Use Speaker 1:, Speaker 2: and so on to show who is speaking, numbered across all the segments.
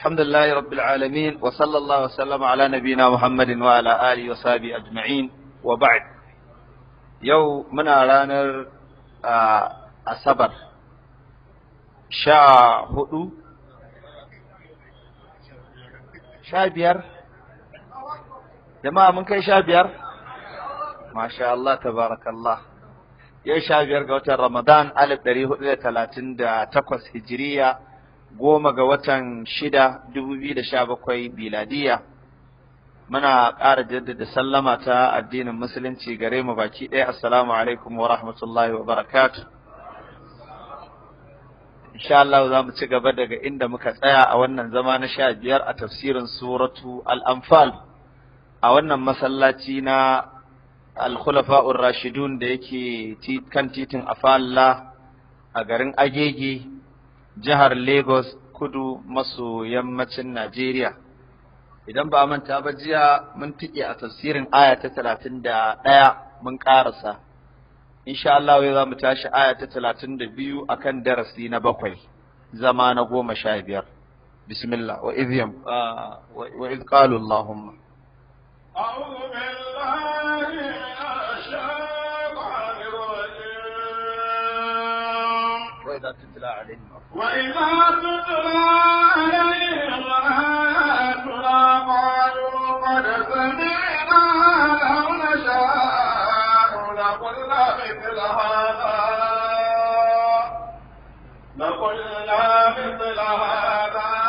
Speaker 1: الحمد لله رب العالمين وصلى الله وسلم على نبينا محمد وعلى آله وصحبه أجمعين وبعد يو من رانر أصبر شا هدو شا بيار جماعة من كي شا بيار ما شاء الله تبارك الله يا شا بيار قوة رمضان ألف دريه ثلاثين دا 38 هجرية goma ga watan shida dubu biyu da sha bakwai biladiya muna ƙara jaddada sallama ta addinin musulunci gare mu baki ɗaya assalamu alaikum wa rahmatullahi wa barakatu insha Allah za mu ci gaba daga inda muka tsaya a wannan zama na sha biyar a tafsirin suratu al-anfal a wannan masallaci na al-khulafa'ur rashidun da yake kan titin afalla a garin agege jihar Lagos kudu maso yammacin Najeriya. Idan ba manta ba jiya mun tike a tafsirin aya ta talatin da ɗaya mun ƙarasa. Insha Allah wai za mu tashi aya ta talatin da biyu a kan darasi na bakwai, zama na goma sha biyar. Bismillah wa iz ah, wa iz Allahumma.
Speaker 2: أعوذ بالله من الشيطان
Speaker 1: وإذا تتلى عليهم وإذا
Speaker 2: تتلى عليهم آياتنا قالوا قد سمعنا لو نشاء لقلنا مثل هذا لقلنا مثل هذا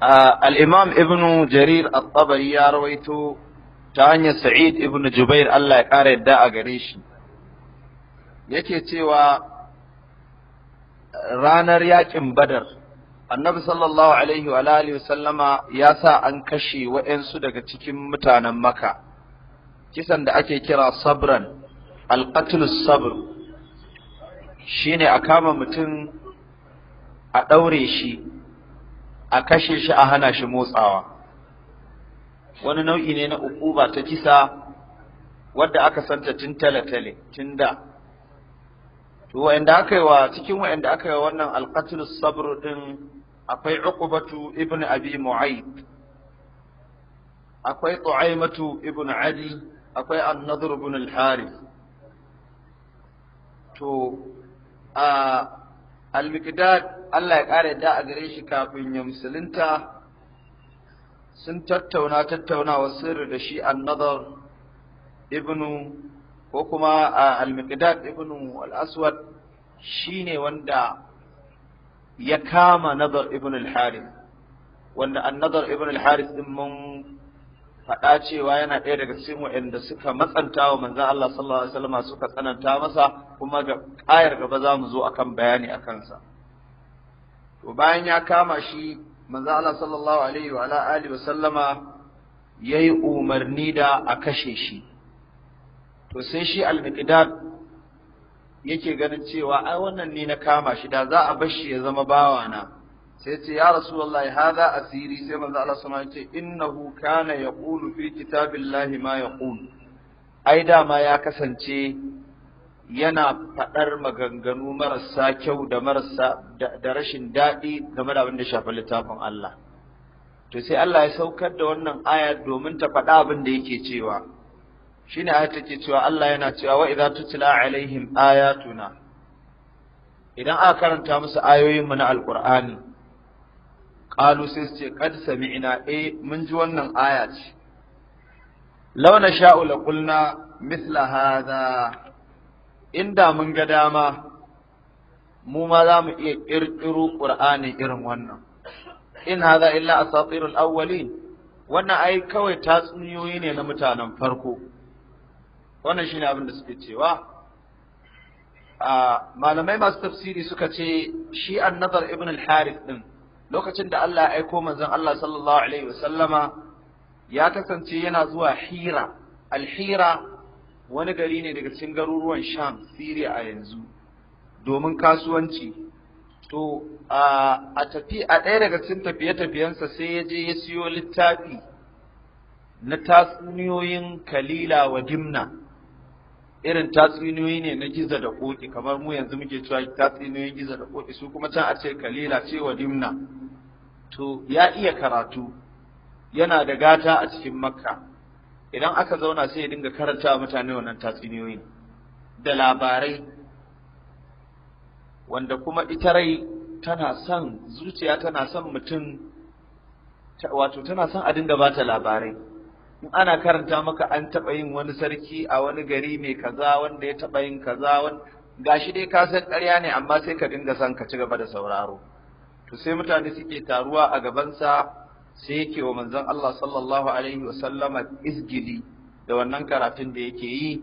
Speaker 1: al-imam ibn jarir at-tabari ya rawaito ta hanyar sa'id ibn jubair Allah ya ƙara yadda a gare shi yake cewa ranar yaƙin badar annabi sallallahu alaihi wa alihi wa sallama ya sa an kashe wa'yansu daga cikin mutanen maka kisan da ake kira sabran alqatlus sabr shine a kama mutum a ɗaure shi a kashe shi a hana shi motsawa wani nau'i ne na ukuba ta kisa wadda aka santa tun tale-tale tun da to wa'anda aka yi wa cikin wa'anda aka yi wannan alqatl sabr din akwai uqbatu ibn abi mu'ayd akwai tu'aymatu ibn adi akwai an-nadr ibn al-harith to a al-miqdad Allah ya ƙara yadda a gare shi kafin ya musulunta sun tattauna tattaunawa sirri da shi annadar ibnu ko kuma al-miqdad ibnu al-aswad shine wanda ya kama nadar ibnu al-harith wanda annadar ibnu al-harith din mun faɗa cewa yana ɗaya daga cikin waɗanda suka matsanta wa manzan Allah sallallahu Alaihi wasallam suka tsananta masa kuma ga ƙayar gaba za mu zo akan bayani a kansa. to bayan ya kama shi manzo Allah sallallahu alaihi wa ala alihi wasallama yayi umarni da a kashe shi to sai shi al-miqdad yake ganin cewa ai wannan ne na kama shi da za a bar shi ya zama bawana sai ce ya ha hadha asiri sai manzo Allah sallallahu alaihi wa innahu kana yaqulu fi kitabillahi ma yaqulu ai ma ya kasance yana faɗar maganganu marasa kyau da marasa da rashin daɗi game da abin da shafi littafin Allah to sai Allah ya saukar da wannan aya domin ta faɗa abin da yake cewa shine aya take cewa Allah yana cewa wa idza tutla alaihim ayatuna idan aka karanta musu ayoyin mu na alqur'ani qalu sai su ce qad sami'na eh mun ji wannan aya ce law nasha'u laqulna mithla hadha inda mun ga dama mu ma za mu iya ƙirƙiro ƙur'ani irin wannan in haza illa asatirul awwalin wannan ai kawai tatsuniyoyi ne na mutanen farko wannan shine abin da suke cewa malamai masu tafsiri suka ce shi annazar ibn al-harith din lokacin da Allah ya aiko manzon Allah sallallahu alaihi wasallama ya kasance yana zuwa hira al-hira wani gari ne daga cikin garuruwan sham siriya a yanzu domin kasuwanci to a tafi a ɗaya daga cikin tafiye-tafiyensa sai ya je ya siyo littafi na tatsuniyoyin kalila wa dimna irin tatsuniyoyi ne na giza da koki kamar mu yanzu muke cewa tatsuniyoyin giza da koki su kuma can a ce kalila ce wa dimna to ya iya karatu yana da gata a cikin makka idan aka zauna sai ya dinga karanta mutane wannan tatsuniyoyi. da labarai wanda kuma ita rai tana son zuciya tana son mutum wato tana son a dinga bata labarai in ana karanta maka an taɓa yin wani sarki a wani gari mai kaza wanda ya taɓa yin kaza gashi dai ka san ƙarya ne amma sai ka dinga son ka ci gaba da sauraro to sai mutane suke taruwa a gabansa sai yake wa manzon Allah sallallahu alaihi wa sallama izgili da wannan karatun da yake yi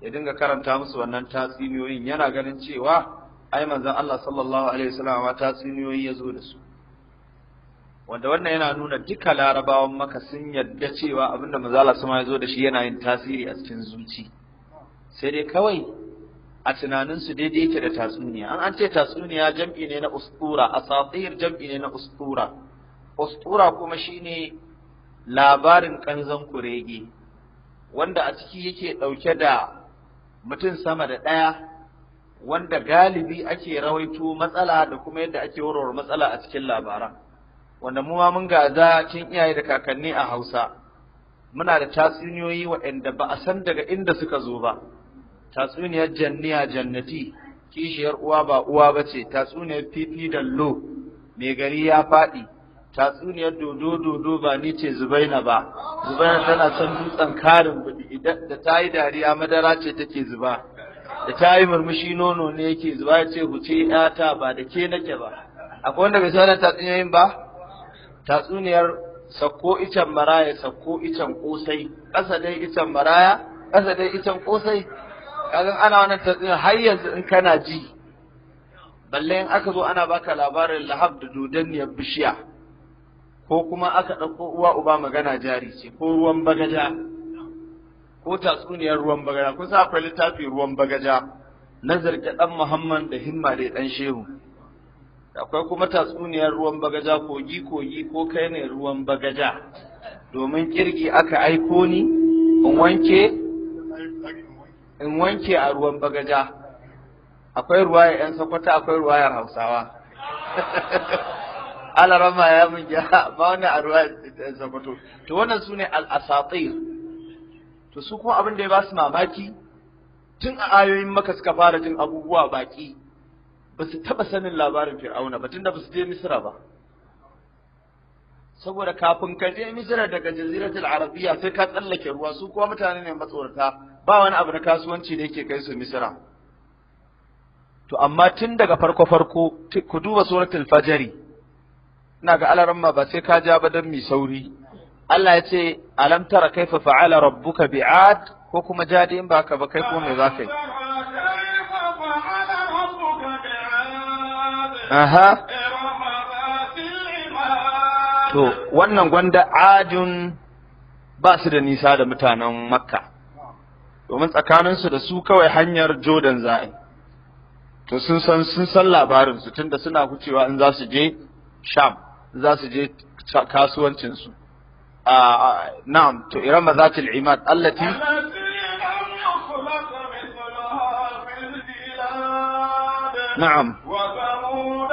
Speaker 1: ya dinga karanta musu wannan tatsuniyoyin yana ganin cewa ai manzon Allah sallallahu alaihi wa sallama tatsuniyoyi ya zo da su wanda wannan yana nuna duka larabawan maka sun yadda cewa abinda manzo Allah sama ya zo da shi yana yin tasiri a cikin zuci sai dai kawai a tunaninsu daidai yake da tatsuniya an an ce tatsuniya jam'i ne na ustura asatir jam'i ne na ustura ustura kuma shine labarin ƙanzan kurege wanda a ciki yake ɗauke da mutum sama da ɗaya wanda galibi ake rawaito matsala da kuma yadda ake warware matsala a cikin labaran wanda mu ma mun gaza cin iyaye da kakanni a Hausa muna da tatsuniyoyi waɗanda ba a san daga inda suka zo ba tatsuniyar janniya jannati kishiyar uwa ba uwa ba ce, tatsuniyar fifi lo mai gari ya faɗi tatsuniyar dodo dodo ba ni ce zubaina ba zubaina tana son dutsen karin budi da ta yi dariya madara ce take zuba da ta yi murmushi nono ne yake zuba ya ce huce yata ba da ke nake ba akwai wanda bai sanar tatsuniyoyin ba tatsuniyar sakko icen maraya sakko icen kosai ƙasa dai icen maraya ƙasa dai icen kosai kaga ana wannan tatsuniyar har yanzu in kana ji balle in aka zo ana baka labarin lahab da dodanniyar bishiya ko kuma aka ɗauko uwa uba magana jari ce ko ruwan bagaja ko tatsuniyar ruwan bagaja kusa akwai littafi ruwan bagaja na zarge ɗan muhammad da himma da ɗan shehu akwai kuma tatsuniyar ruwan bagaja kogi kogi ko kai ne ruwan bagaja domin kirgi aka aiko ni in wanke in wanke a ruwan bagaja akwai ruwayar 'yan sakwata akwai ruwayar hausawa rama ya mun ya ba wani a ruwa zabato to wannan su ne al'asatir to su kuma abin da ya ba su mamaki tun a ayoyin maka suka fara jin abubuwa baki ba su taɓa sanin labarin fir'auna ba tunda ba su je misira ba saboda kafin ka je misira daga jaziratul arabiya sai ka tsallake ruwa su kuma mutane ne matsorata ba wani abu na kasuwanci da yake kai su misira to amma tun daga farko farko ku duba suratul fajri ina ga alaramma ba sai ka ja ba dan mi sauri Allah ya ce alam tara kaifa fa'ala rabbuka bi'ad ko kuma jadi in baka ba kai ko me za ka yi aha to wannan gwanda adun ba su da nisa da mutanen makka domin tsakaninsu da su kawai hanyar jodan za'i to sun san sun san labarinsu tunda suna hucewa in za su je sham za su je kasuwancinsu na'am to iran zatil imad allati نعم
Speaker 2: وثمود Na'am.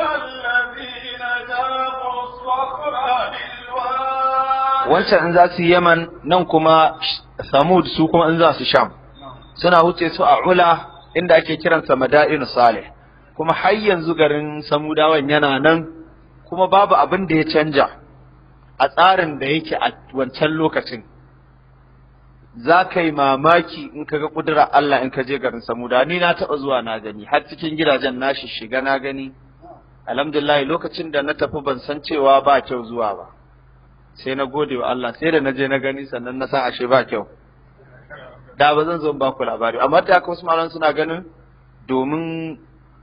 Speaker 1: wancan in za su yaman nan kuma samud su kuma in za su sham suna wuce su a ula inda ake kiransa mada'in salih kuma har yanzu garin samudawan yana nan kuma babu abin da ya canja a tsarin da yake a wancan lokacin za ka yi mamaki in ka ga ƙudurar Allah in ka je garin Samuda ni na taɓa zuwa na gani har cikin gidajen na shiga na gani alhamdulillah lokacin da na tafi ban san cewa ba kyau zuwa ba sai na gode wa Allah sai da na je na gani sannan na san ashe ba kyau da ba zan zo ba ku labari amma ta haka wasu malaman suna ganin domin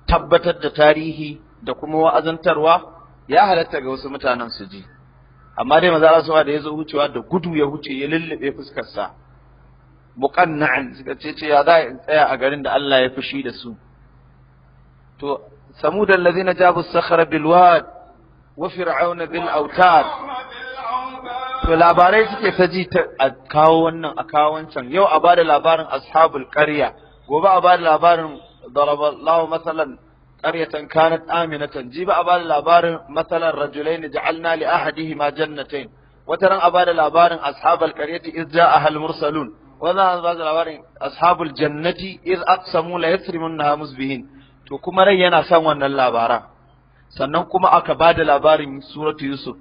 Speaker 1: tabbatar da tarihi da kuma wa'azantarwa ya halatta ga wasu mutanen su ji amma dai maza da ya zo wucewa da gudu ya huce ya lullube fuskarsa muqanna'an suka ce ce ya za in tsaya a garin da Allah ya fushi da su to samud allazina jabu sakhra bil wad wa fir'auna bil awtad to labarai suke ta ji ta a kawo wannan a kawo wancan yau a bada labarin ashabul qarya gobe a bada labarin daraballahu masalan qaryatan kanat aminatan jiba a bada labarin masalan rajulain ja'alna li ahadihima jannatain wata ran a bada labarin ashabal qaryati iz ja'ahal mursalun wata an bada labarin ashabul jannati iz aqsamu la yasrimunha musbihin to kuma rai yana son wannan labaran sannan kuma aka bada labarin suratu yusuf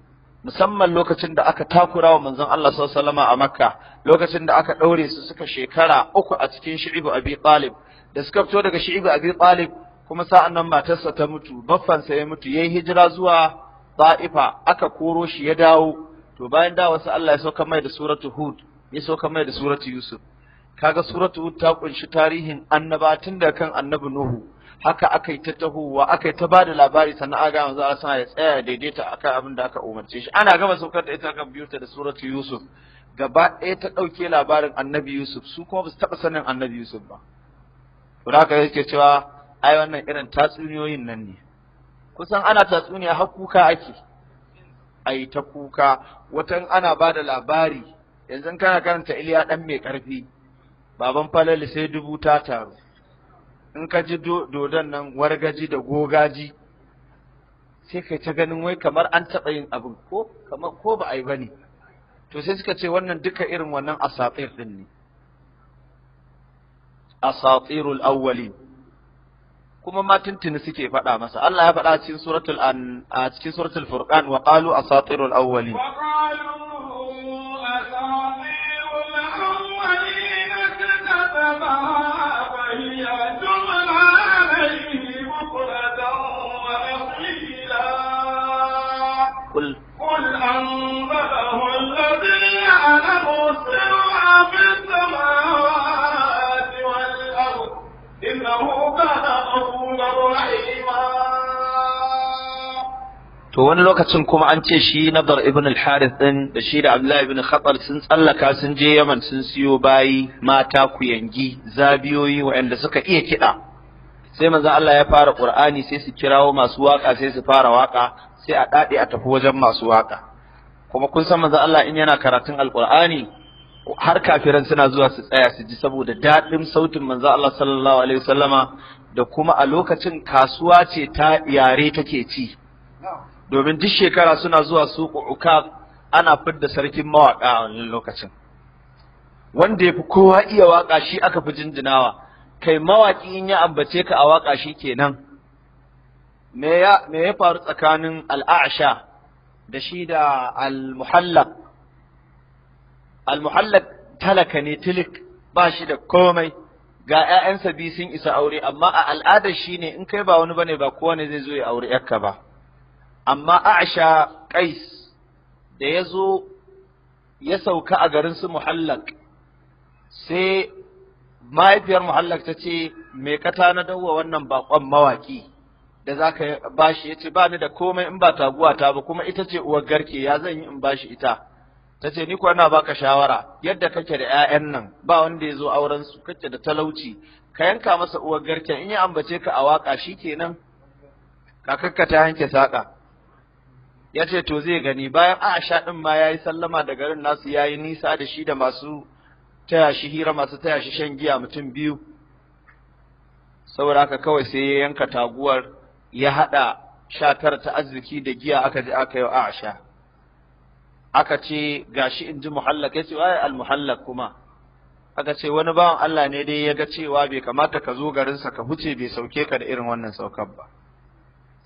Speaker 1: musamman lokacin da aka takura wa manzon Allah sallallahu alaihi a Makka lokacin da aka ɗaure su suka shekara uku a cikin Shi'ibu Abi Talib da suka fito daga Shi'ibu Abi Talib kuma sa'an nan matarsa ta mutu baffansa ya mutu ya yi hijira zuwa baifa aka koro shi ya dawo to bayan dawo Allah ya sauka mai da suratu hud ya sauka mai da suratu yusuf kaga suratu hud ta kunshi tarihin annaba tun da kan annabi nuhu haka aka yi ta tahowa aka yi ta da labari sannan aga manzo Allah sana ya tsaya daidaita akan abin da aka umarce shi ana gama saukar da ita kan biyuta da suratu yusuf gaba ɗaya ta ɗauke labarin annabi yusuf su kuma ba su taɓa sanin annabi yusuf ba
Speaker 3: to haka yake
Speaker 1: cewa ai wannan irin tatsuniyoyin nan ne kusan ana tatsuniya har kuka ake ai ta kuka watan ana ba da labari yanzu kana karanta Iliya ɗan mai karfi baban falali sai dubu ta taru in ka ji dodon nan wargaji da gogaji sai kai ta ganin wai kamar an taɓa yin abin ko kamar ko ba a yi ba ne to sai suka ce wannan duka irin wannan asatir din ne asatirul awwalin kuma ma tuntuni suke faɗa masa Allah ya faɗa cikin suratul an a cikin suratul furqan wa qalu asatirul awwalin to wani lokacin kuma an ce shi nadar ibn al-harith din da shi da abdullahi ibn khatar sun tsallaka sun je yaman sun siyo bayi mata ku kuyangi zabiyoyi waɗanda suka iya kiɗa sai manzo Allah ya fara qur'ani sai su kirawo masu waka sai su fara waka sai a dade a tafi wajen masu waka kuma kun san manzo Allah in yana karatun al al-qur'ani har kafiran suna zuwa su tsaya su ji saboda daɗin sautin manzo Allah sallallahu alaihi wasallama da kuma a lokacin kasuwa ce ta yare take ci domin duk shekara suna zuwa suku uka ana fidda sarkin mawaƙa a wannan lokacin wanda ya fi kowa iya waƙa shi aka fi jinjinawa kai mawaƙi in ya ambace ka a waƙa shi kenan me ya me ya faru tsakanin al'asha da shi da al-muhallaq al-muhallaq talaka ne tilik ba shi da komai ga ‘ya'yansa biyu sun isa aure, amma a al'adar shi ne in kai ba wani ne ba kowane zai zo ya aure ‘yarka ba. amma Aisha Qais da yazo ya sauka a garin su Muhallak sai mahaifiyar Muhallak ta ce me ka na wa wannan bakon mawaki da za bashi yace ba ni da komai in ba taguwa ta ba kuma ita ce uwar garke ya zan yi in bashi ita tace ce ni ko na baka shawara yadda kake da 'ya'yan nan ba wanda ya zo auren su kake da talauci ka yanka masa uwar garken in ya ambace ka a waka shikenan kakakka ta yanke saƙa ya ce to zai gani bayan Aisha din ma yayi sallama da garin nasu yayi nisa da shi da masu taya shi hira masu taya shi shan giya mutum biyu saboda haka kawai sai ya yanka taguwar ya hada shatar ta arziki da giya aka je aka yi Aisha aka ce gashi in ji muhallak ya ce wai al-muhallak kuma aka ce wani bawan Allah ne dai ya ga cewa bai kamata ka zo garinsa ka huce bai sauke ka da irin wannan saukar ba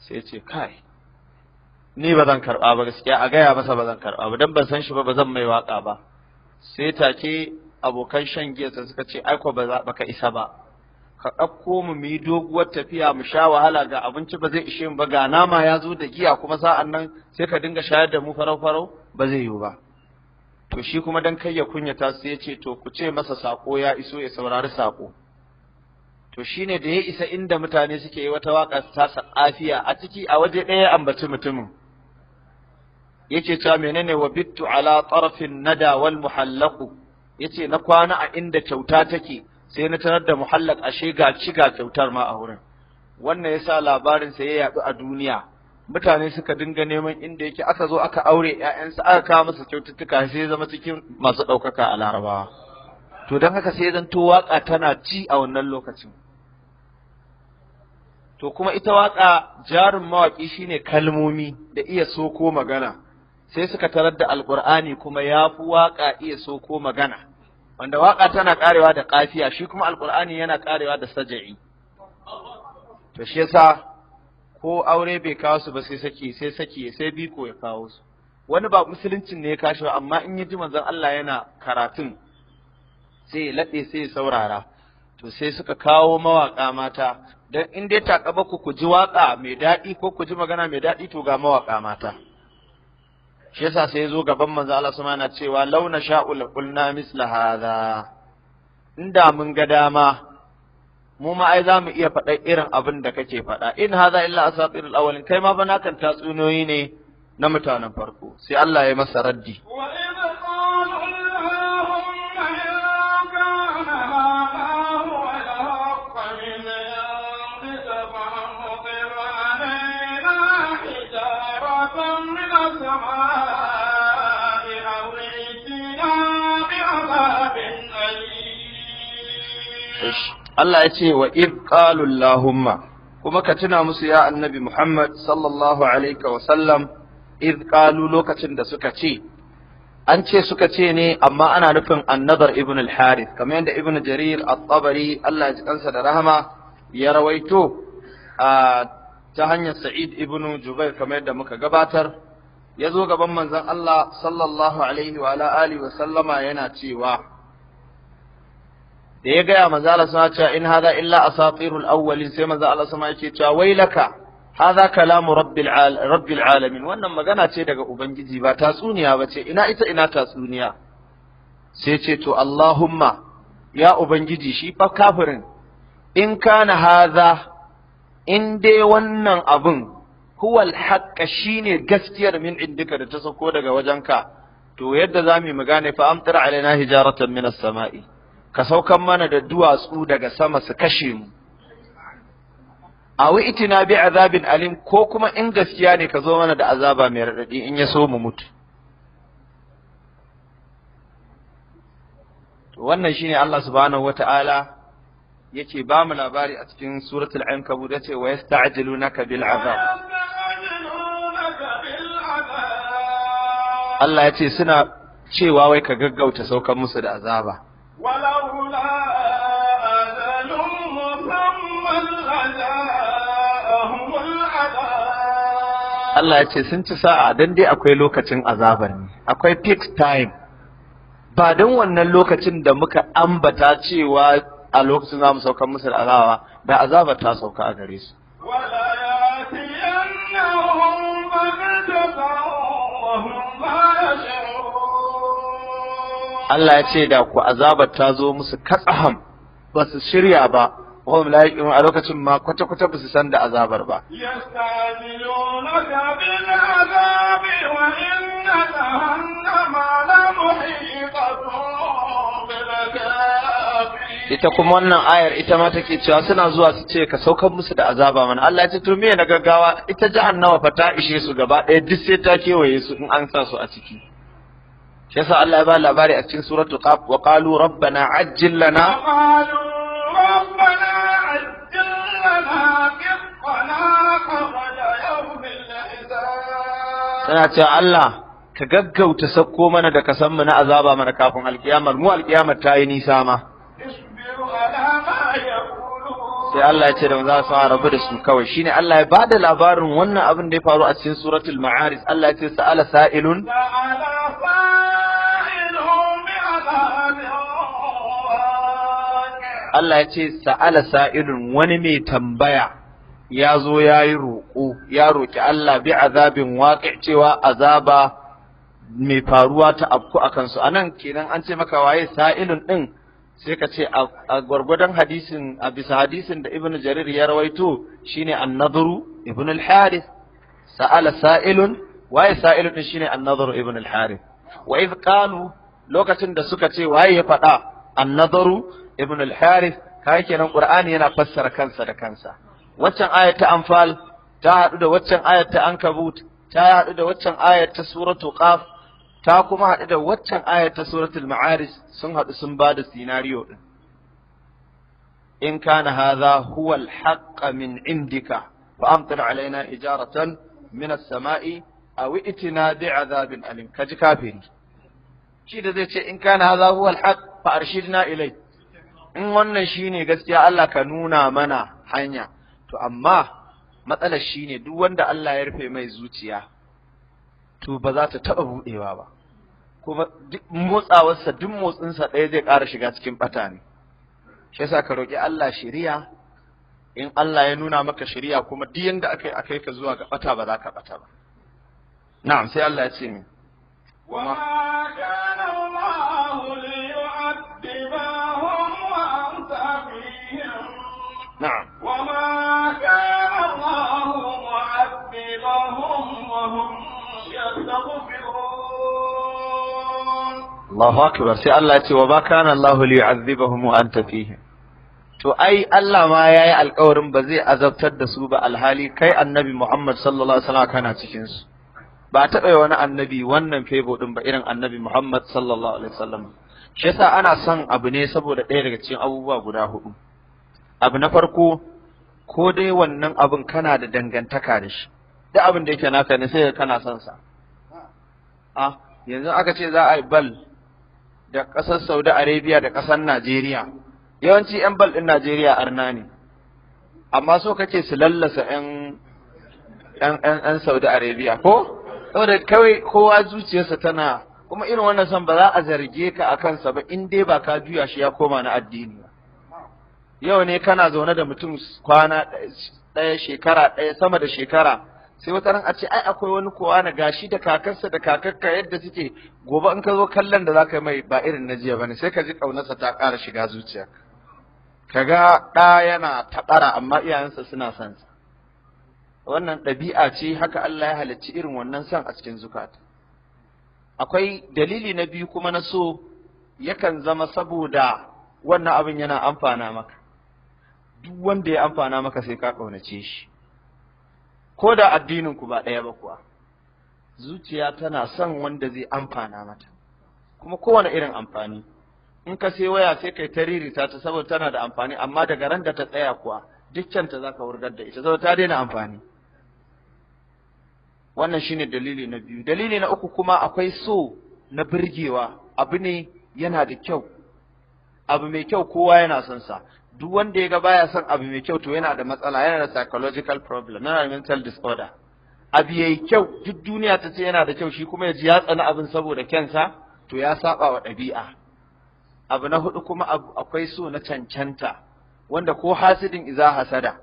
Speaker 1: sai ce kai ni ba zan karɓa ba gaskiya a gaya masa ba zan karɓa ba dan ban san shi ba ba zan mai waƙa ba sai take abokan shan giya suka ce ai ko ba za isa ba ka ɗauko mu mu yi doguwar tafiya mu sha wahala ga abinci ba zai ishe mu ba ga nama ya zo da giya kuma sa'an nan sai ka dinga shayar da mu farau-farau ba zai yiwu ba to shi kuma dan kai ya kunyata sai ya ce to ku ce masa sako ya iso ya saurari sako to shine da ya isa inda mutane suke yi wata waka tasa sa'afiya a ciki a waje ɗaya ambaci mutumin yace ta menene wa bittu ala tarfin nada wal muhallaqu yace na kwana a inda kyauta take sai na tarar da muhallaq ashe ga ci ga kyautar ma a wurin wannan yasa labarin sa ya yadu a duniya mutane suka dinga neman inda yake aka zo aka aure ƴaƴansa aka kawo masa kyaututtuka sai zama cikin masu ɗaukaka a larabawa to don haka sai zanto waƙa tana ci a wannan lokacin to kuma ita waƙa jarin mawaƙi shine kalmomi da iya soko magana sai suka tarar da alƙur'ani kuma ya fi waka iya so ko magana wanda waka tana karewa da kafiya shi kuma alƙur'ani yana karewa da saja'i to shi yasa ko aure bai kawo su ba sai saki sai saki sai biko ya kawo su wani ba musuluncin ne ya kashe ba amma in ya ji manzon Allah yana karatun sai ya laɗe sai ya saurara to sai suka kawo mawaka mata don in dai kaba ku ku ji waka mai daɗi ko ku ji magana mai daɗi to ga mawaƙa mata shi yasa sai zo gaban manzo Allah sama yana cewa launa sha'ul qulna misla hadha inda mun ga dama mu ma ai zamu iya faɗa irin abin da kake faɗa in hadha illa asatirul awwalin kai ma ba nakan tatsuniyoyi ne na mutanen farko sai Allah ya masa raddi Allah ya ce wa idqalullahumma kuma ka tuna musu ya annabi Muhammad sallallahu alaihi wa sallam idqalu lokacin da suka ce an ce suka ce ne amma ana nufin annabar ibn al-harith kamar yadda ibn jarir at-tabari Allah ya ji kansa da rahama ya rawaito ta hanyar sa'id ibn jubair kamar yadda muka gabatar ya zo gaban manzon Allah sallallahu alaihi wa alihi wa sallama yana cewa da ya gaya manzo Allah sama cewa in hada illa asatirul awwalin sai manzo Allah sama yake cewa wailaka hada kalamu rabbil rabbil alamin wannan magana ce daga ubangiji ba tatsuniya ba ce ina ita ina tatsuniya sai ce to Allahumma ya ubangiji shi fa kafirin in kana hada in dai wannan abun kuwal alhaqqa shine gaskiyar min indika da ta sako daga wajenka to yadda zamu mu gane fa amtar alaina hijaratan minas sama'i ka saukan mana da duwatsu daga sama su kashe mu awi itina bi azabin alim ko kuma in gaskiya ne ka zo mana da azaba mai raɗaɗi in ya so mu mutu wannan shine Allah subhanahu wata'ala yace ba mu labari a cikin suratul ankabut yace wa yasta'jilunaka bil azab Allah yace suna cewa wai ka gaggauta saukan musu da azaba
Speaker 2: ولولا أجل مسمى لجاءهم العذاب
Speaker 1: Allah ya ce sun ci sa'a don dai akwai lokacin azabar ne, akwai fixed time, ba don wannan lokacin da muka ambata cewa a lokacin za mu sauka musu da azaba, da azaba ta sauka a gare su. Wala
Speaker 2: ya fi yannahun ba da ta
Speaker 1: Allah ya ce da ku azabar ta zo musu katsaham ba su shirya ba wahum la yuqinu a lokacin ma kwata kwata ba su san da azabar ba ita kuma wannan ayar ita ma take cewa suna zuwa su ce ka saukar musu da azaba mana Allah ya ce to me na gaggawa ita jahannama fa ta ishe su gaba ɗaya duk sai ta kewaye su in an sa su a ciki shi yasa Allah ya ba labari a cikin suratul qaf wa qalu rabbana ajjil lana
Speaker 2: qalu lana
Speaker 1: tana cewa Allah ka gaggauta sakko mana da kasan mu na azaba mana kafin alkiyamar mu alkiyamar ta yi nisa ma sai Allah ya ce da maza su rabu da su kawai shine Allah ya bada labarin wannan abin da ya faru a cikin suratul ma'aris Allah ya ce sa'ala sa'ilun Allah ya ce sa'ala sa'ilun wani mai tambaya ya zo ya yi roƙo ya roƙi Allah bi azabin waƙi cewa azaba mai faruwa ta afku a kansu anan kenan an ce maka waye sa'ilun ɗin sai ka ce a gwargwadon hadisin a bisa hadisin da Ibn jarir ya rawaito shine an-nadru ibnu al-harith sa'ala sa'ilun waye sa'ilun din shine an-nadru ibnu al-harith wa idh qalu lokacin da suka ce waye ya faɗa an-nadru ibnu al-harith kai kenan qur'ani yana fassara kansa da kansa waccan ayat ta anfal ta haɗu da waccan ayat ta ankabut ta haɗu da waccan ayat ta suratu qaf ta kuma haɗu da waccan ayar ta suratul ma'arij sun haɗu sun ba da sinariyo ɗin in kana haza huwa alhaqqa min indika fa amtir alaina ijaratan min as-sama'i aw itina bi'adhabin alim kaji kafiri shi da zai ce in kana haza huwa al fa arshidna ilai in wannan shine gaskiya Allah ka nuna mana hanya to amma matsalar shine duk wanda Allah ya rufe mai zuciya to ba za ta taɓa buɗewa ba kuma motsawarsa duk motsinsa ɗaya zai ƙara shiga cikin ɓata ne shi yasa ka roƙi Allah shiriya in Allah ya nuna maka shiriya kuma duk yanda aka yi aka yi ka zuwa ga ɓata ba za ka ɓata ba na'am sai Allah ya ce min. Allahu akbar sai Allah ya ce wa ba kana Allahu li yu'adhibahum wa anta fihi to ai Allah ma yayi alƙawarin ba zai azabtar da su ba alhali kai annabi Muhammad sallallahu alaihi wasallam kana cikin su ba taɓa wani annabi wannan febo din ba irin annabi Muhammad sallallahu alaihi wasallam shi yasa ana son abu ne saboda ɗaya daga cikin abubuwa guda hudu abu na farko ko dai wannan abin kana da dangantaka da shi duk abin da yake naka ne sai kana son sa a ah, yanzu aka ce za a yi bal da ƙasar Saudi Arabia da ƙasar Najeriya yawanci 'yan bal ɗin Najeriya arna ne amma so kake su lallasa 'yan Saudi Arabia ko saboda kawai kowa zuciyarsa tana kuma irin wannan san ba za a zarge ka a kansa ba in dai ba ka juya shi ya koma na addini ba yau ne kana zaune da mutum kwana ɗaya shekara ɗaya sama da shekara sai wata ran a ce ai akwai wani kowa na gashi da kakarsa da kakakka yadda suke gobe in ka zo kallon da zaka mai ba irin na jiya bane sai ka ji kaunarsa ta ƙara shiga zuciya ga ɗa yana taɓara amma iyayensa suna son sa wannan ɗabi'a ce haka Allah ya halicci irin wannan son a cikin zukata akwai dalili na biyu kuma na so yakan zama saboda wannan abin yana amfana maka duk wanda ya amfana maka sai ka ƙaunace shi ko da addinin ku ba ɗaya ba kuwa zuciya tana son wanda zai amfana mata kuma kowane irin amfani in ka sai waya sai kai ta ririta ta saboda tana da amfani amma daga ran da ta tsaya kuwa dukkan ta zaka wurgar da ita saboda ta daina amfani wannan shine dalili na biyu dalili na uku kuma akwai so na birgewa abu ne yana da kyau abu mai kyau kowa yana son sa duk wanda ya ga baya son abu mai kyau to yana da matsala yana da psychological problem yana da mental disorder abu yayi kyau duk duniya ta ce yana da kyau shi kuma ya ji ya tsani abin saboda kyansa to ya saba wa ɗabi'a abu na hudu kuma akwai so na cancanta wanda ko hasidin iza hasada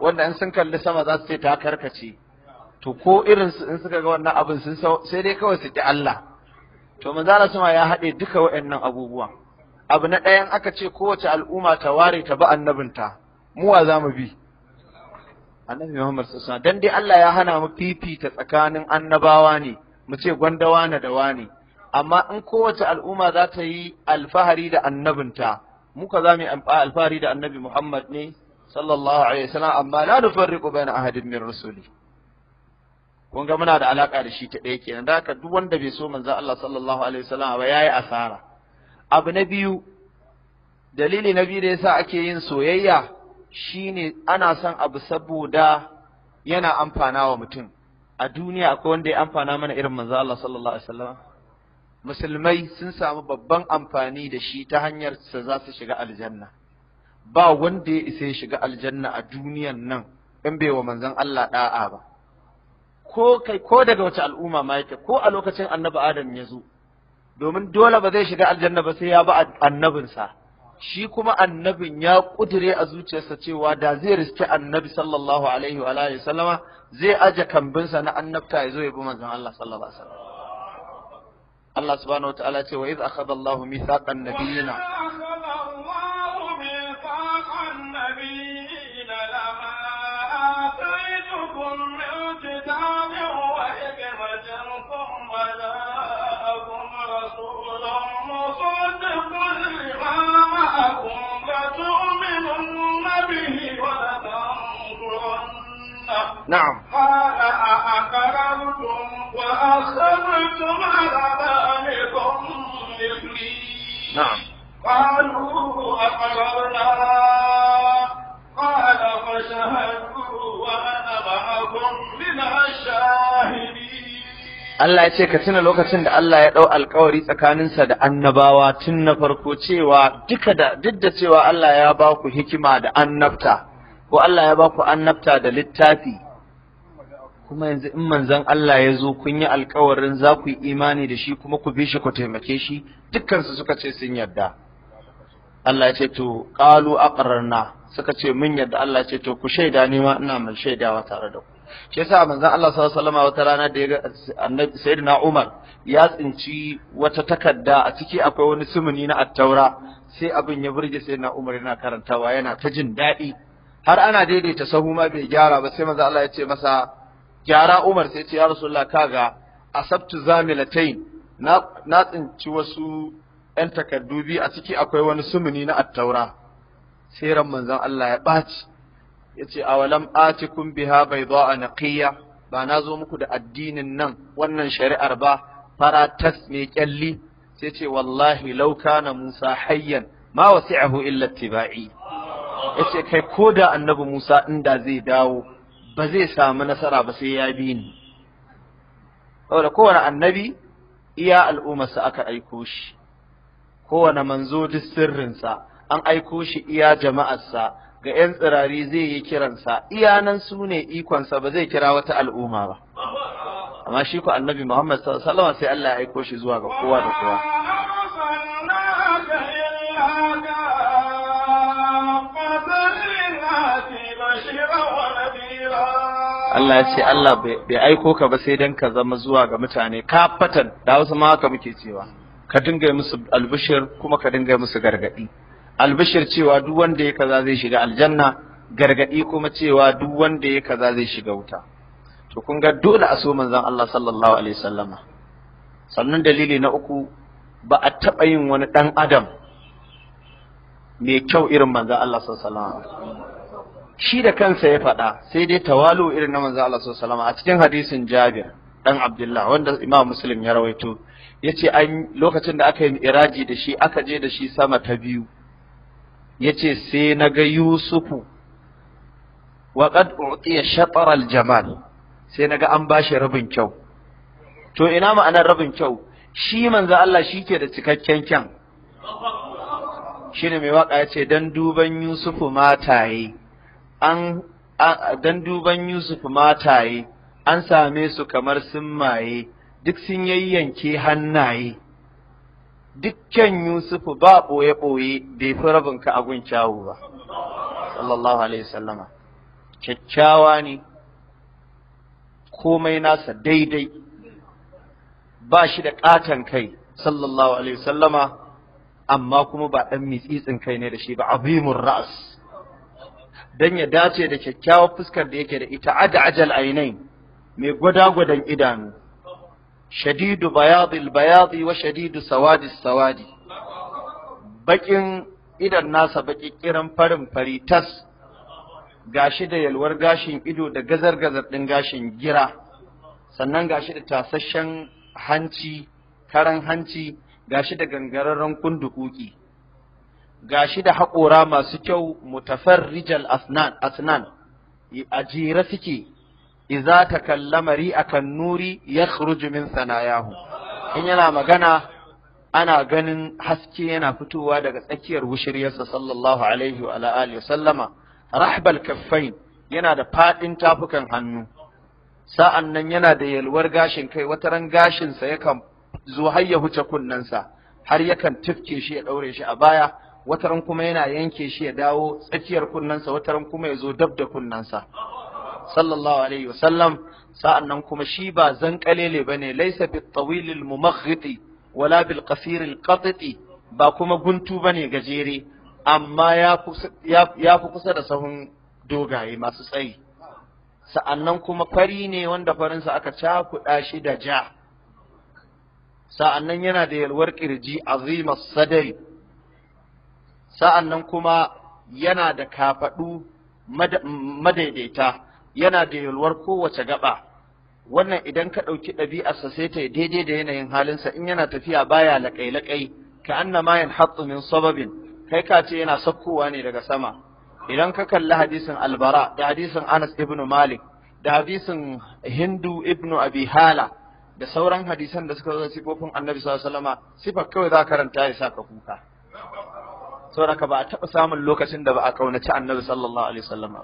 Speaker 1: wanda in sun kalli sama za su ce ta karkace to ko irin su in suka ga wannan abin sun sai dai kawai su ki Allah to manzala suma ya haɗe duka waɗannan abubuwan abu na ɗayan aka ce kowace al'umma ta ware ta bi annabinta mu wa zamu bi annabi Muhammad sallallahu dan dai Allah ya hana mu fifita tsakanin annabawa ne mu ce gwandawa na da wani amma in kowace al'umma za ta yi alfahari da annabinta muka za mu yi alfahari da annabi Muhammad ne sallallahu alaihi wasallam amma la nufarriqu baina ahadin min rusuli kun ga muna da alaka da shi ta ɗaya kenan da haka duk wanda bai so manzon Allah sallallahu alaihi wasallam ba yayi asara abu na biyu dalili na biyu da yasa ake yin soyayya shine ana son abu saboda yana amfana wa mutum a duniya akwai wanda ya amfana mana irin manzo Allah sallallahu alaihi wasallam musulmai sun samu babban amfani da shi ta hanyar sa za su shiga aljanna ba wanda ya isa ya shiga aljanna a duniyan nan in bai wa manzon Allah da'a ba ko kai ko daga wace al'umma ma yake ko a lokacin annabi Adam ya zo domin dole ba zai shiga aljanna ba sai ya bi annabinsa shi kuma annabin ya kudure a zuciyarsa cewa da zai riske annabi sallallahu alaihi wa alihi sallama zai aje kambinsa na annabta ya zo ya bi manzon Allah sallallahu alaihi wasallam Allah subhanahu wataala ce wa idh akhadha Allahu mithaqan nabiyina
Speaker 2: مِّثَاقَ النَّبِيِّينَ لَمَا نعم قال أأقررتم وأخذتم على ذلكم إثمي نعم قالوا أقررنا قال فشهدوا وأنا معكم من الشاهدين
Speaker 1: Allah ya ce ka tuna lokacin da Allah ya ɗau alkawari tsakaninsa da annabawa tun na farko cewa duka da duk da cewa Allah ya ba ku hikima da annabta ko Allah ya ba ku annabta da littafi kuma yanzu in manzon Allah ya zo kun yi alkawarin za ku yi imani da shi kuma ku bi shi ku taimake shi dukkansu suka ce sun yarda Allah ya ce to qalu aqrarna suka ce mun yarda Allah ya ce to ku shaida ni ma ina mai shaidawa tare da ku shi yasa manzon Allah sallallahu alaihi wasallam wata rana da ya ga annabi sayyidina Umar ya tsinci wata takarda a ciki akwai wani sumuni na attaura sai abin ya burge sayyidina Umar yana karantawa yana ta jin daɗi har ana daidaita sahu ma bai gyara ba sai manzon Allah ya ce masa gyara Umar sai ce ya Rasulullah kaga asabtu zamilatain na na tsinci wasu ɗan takardu biyu a ciki akwai wani sumuni na attaura sai ran manzon Allah ya ɓaci yace ce awalam atikum biha bayda'a naqiyya ba na zo muku da addinin nan wannan shari'ar ba faratas mai kyalli sai ce wallahi law kana Musa hayyan ma wasi'ahu illa tiba'i yace kai koda annabi Musa inda zai dawo ba zai samu nasara ba sai ya bi ni saboda kowane annabi iya al'ummarsa aka aiko shi kowane manzo duk sirrinsa an aiko shi iya jama'arsa ga 'yan tsirari zai yi kiransa iya nan su ne ikonsa ba zai kira wata al'umma ba amma shi ku annabi muhammad sallallahu alaihi sai Allah ya aiko shi zuwa ga kowa da kowa Allah ya ce Allah bai aiko ka ba sai dan ka zama zuwa ga mutane ka fatan da wasu ma haka muke cewa ka dinga musu albishir kuma ka dinga musu gargadi albishir cewa duk wanda ya kaza zai shiga aljanna gargadi kuma cewa duk wanda ya kaza zai shiga wuta to kun ga dole a so manzon Allah sallallahu alaihi wasallama sannan dalili na uku ba a taɓa yin wani ɗan adam mai kyau irin manzon Allah sallallahu alaihi wasallama shi da kansa ya faɗa sai dai tawalu irin na manzo Allah sallallahu a cikin hadisin Jabir dan Abdullah wanda Imam Muslim ya rawaito yace an lokacin da aka yi iraji da shi aka je da shi sama ta biyu yace sai na ga Yusufu wa qad u'tiya shatar al-jamal sai na ga an bashi rabin kyau to ina ma'anar rabin kyau shi manzo Allah shike da cikakken kyan shine mai waka yace dan duban Yusufu mataye an dan duban Yusuf mataye an same su kamar sun maye duk sun yayyanke hannaye dukkan Yusuf ba ɓoye-ɓoye bai fi rabin ka agun ba sallallahu alaihi wasallama kyakkyawa ne komai nasa daidai ba shi da ƙaton kai sallallahu alaihi wasallama amma kuma ba ɗan mitsitsin kai ne da shi ba abimun ra'as dan ya dace da kyakkyawar fuskar da yake da ita ada ajal ainain mai gwada-gwadan idanu shadidu bayadil bayadi wa shadidu sawadi sawadi bakin idan nasa baki kiran farin fari tas gashi da yalwar gashin ido da gazar-gazar din gashin gira sannan gashi da tasashen hanci karan hanci gashi da gangararren kundukuki gashi da haƙora masu kyau mutafarrijal asnan asnan a jira suke idza a kan nuri yakhruju min sanayahu in yana magana ana ganin haske yana fitowa daga tsakiyar wushiryarsa sallallahu alaihi wa alihi sallama rahbal kaffain yana da faɗin tafukan hannu sa'an nan yana da yalwar gashin kai wata ran gashinsa yakan zo har ya huce kunnensa har yakan tifke shi ya daure shi a baya wataran kuma yana yanke shi ya dawo tsakiyar kunnensa wataran kuma ya zo dab da kunnensa sallallahu alaihi wasallam sa'annan kuma shi ba zankalele ba laysa bit tawil al mumaghiti wala bil qasir qatiti ba kuma guntu bane gajere amma ya fi kusa da sahun dogaye masu tsayi sa'annan kuma fari ne wanda farinsa aka cakuɗa shi da ja sa'annan yana da yalwar ƙirji azimar sadari sa'an nan kuma yana da kafaɗu madaidaita yana da yalwar kowace gaba wannan idan ka ɗauki ɗabi'arsa sai ta daidai da yanayin halinsa in yana tafiya baya laƙai-laƙai ka anna ma yanhattu min sababin kai ka ce yana sakkowa ne daga sama idan ka kalli hadisin albara da hadisin anas ibnu malik da hadisin hindu ibnu abi hala da sauran hadisan da suka zo sifofin annabi sallallahu alaihi wasallama sifar kawai za ka karanta ya saka kuka saboda ba a taɓa samun lokacin da ba a ƙaunaci annabi sallallahu alaihi wasallam ba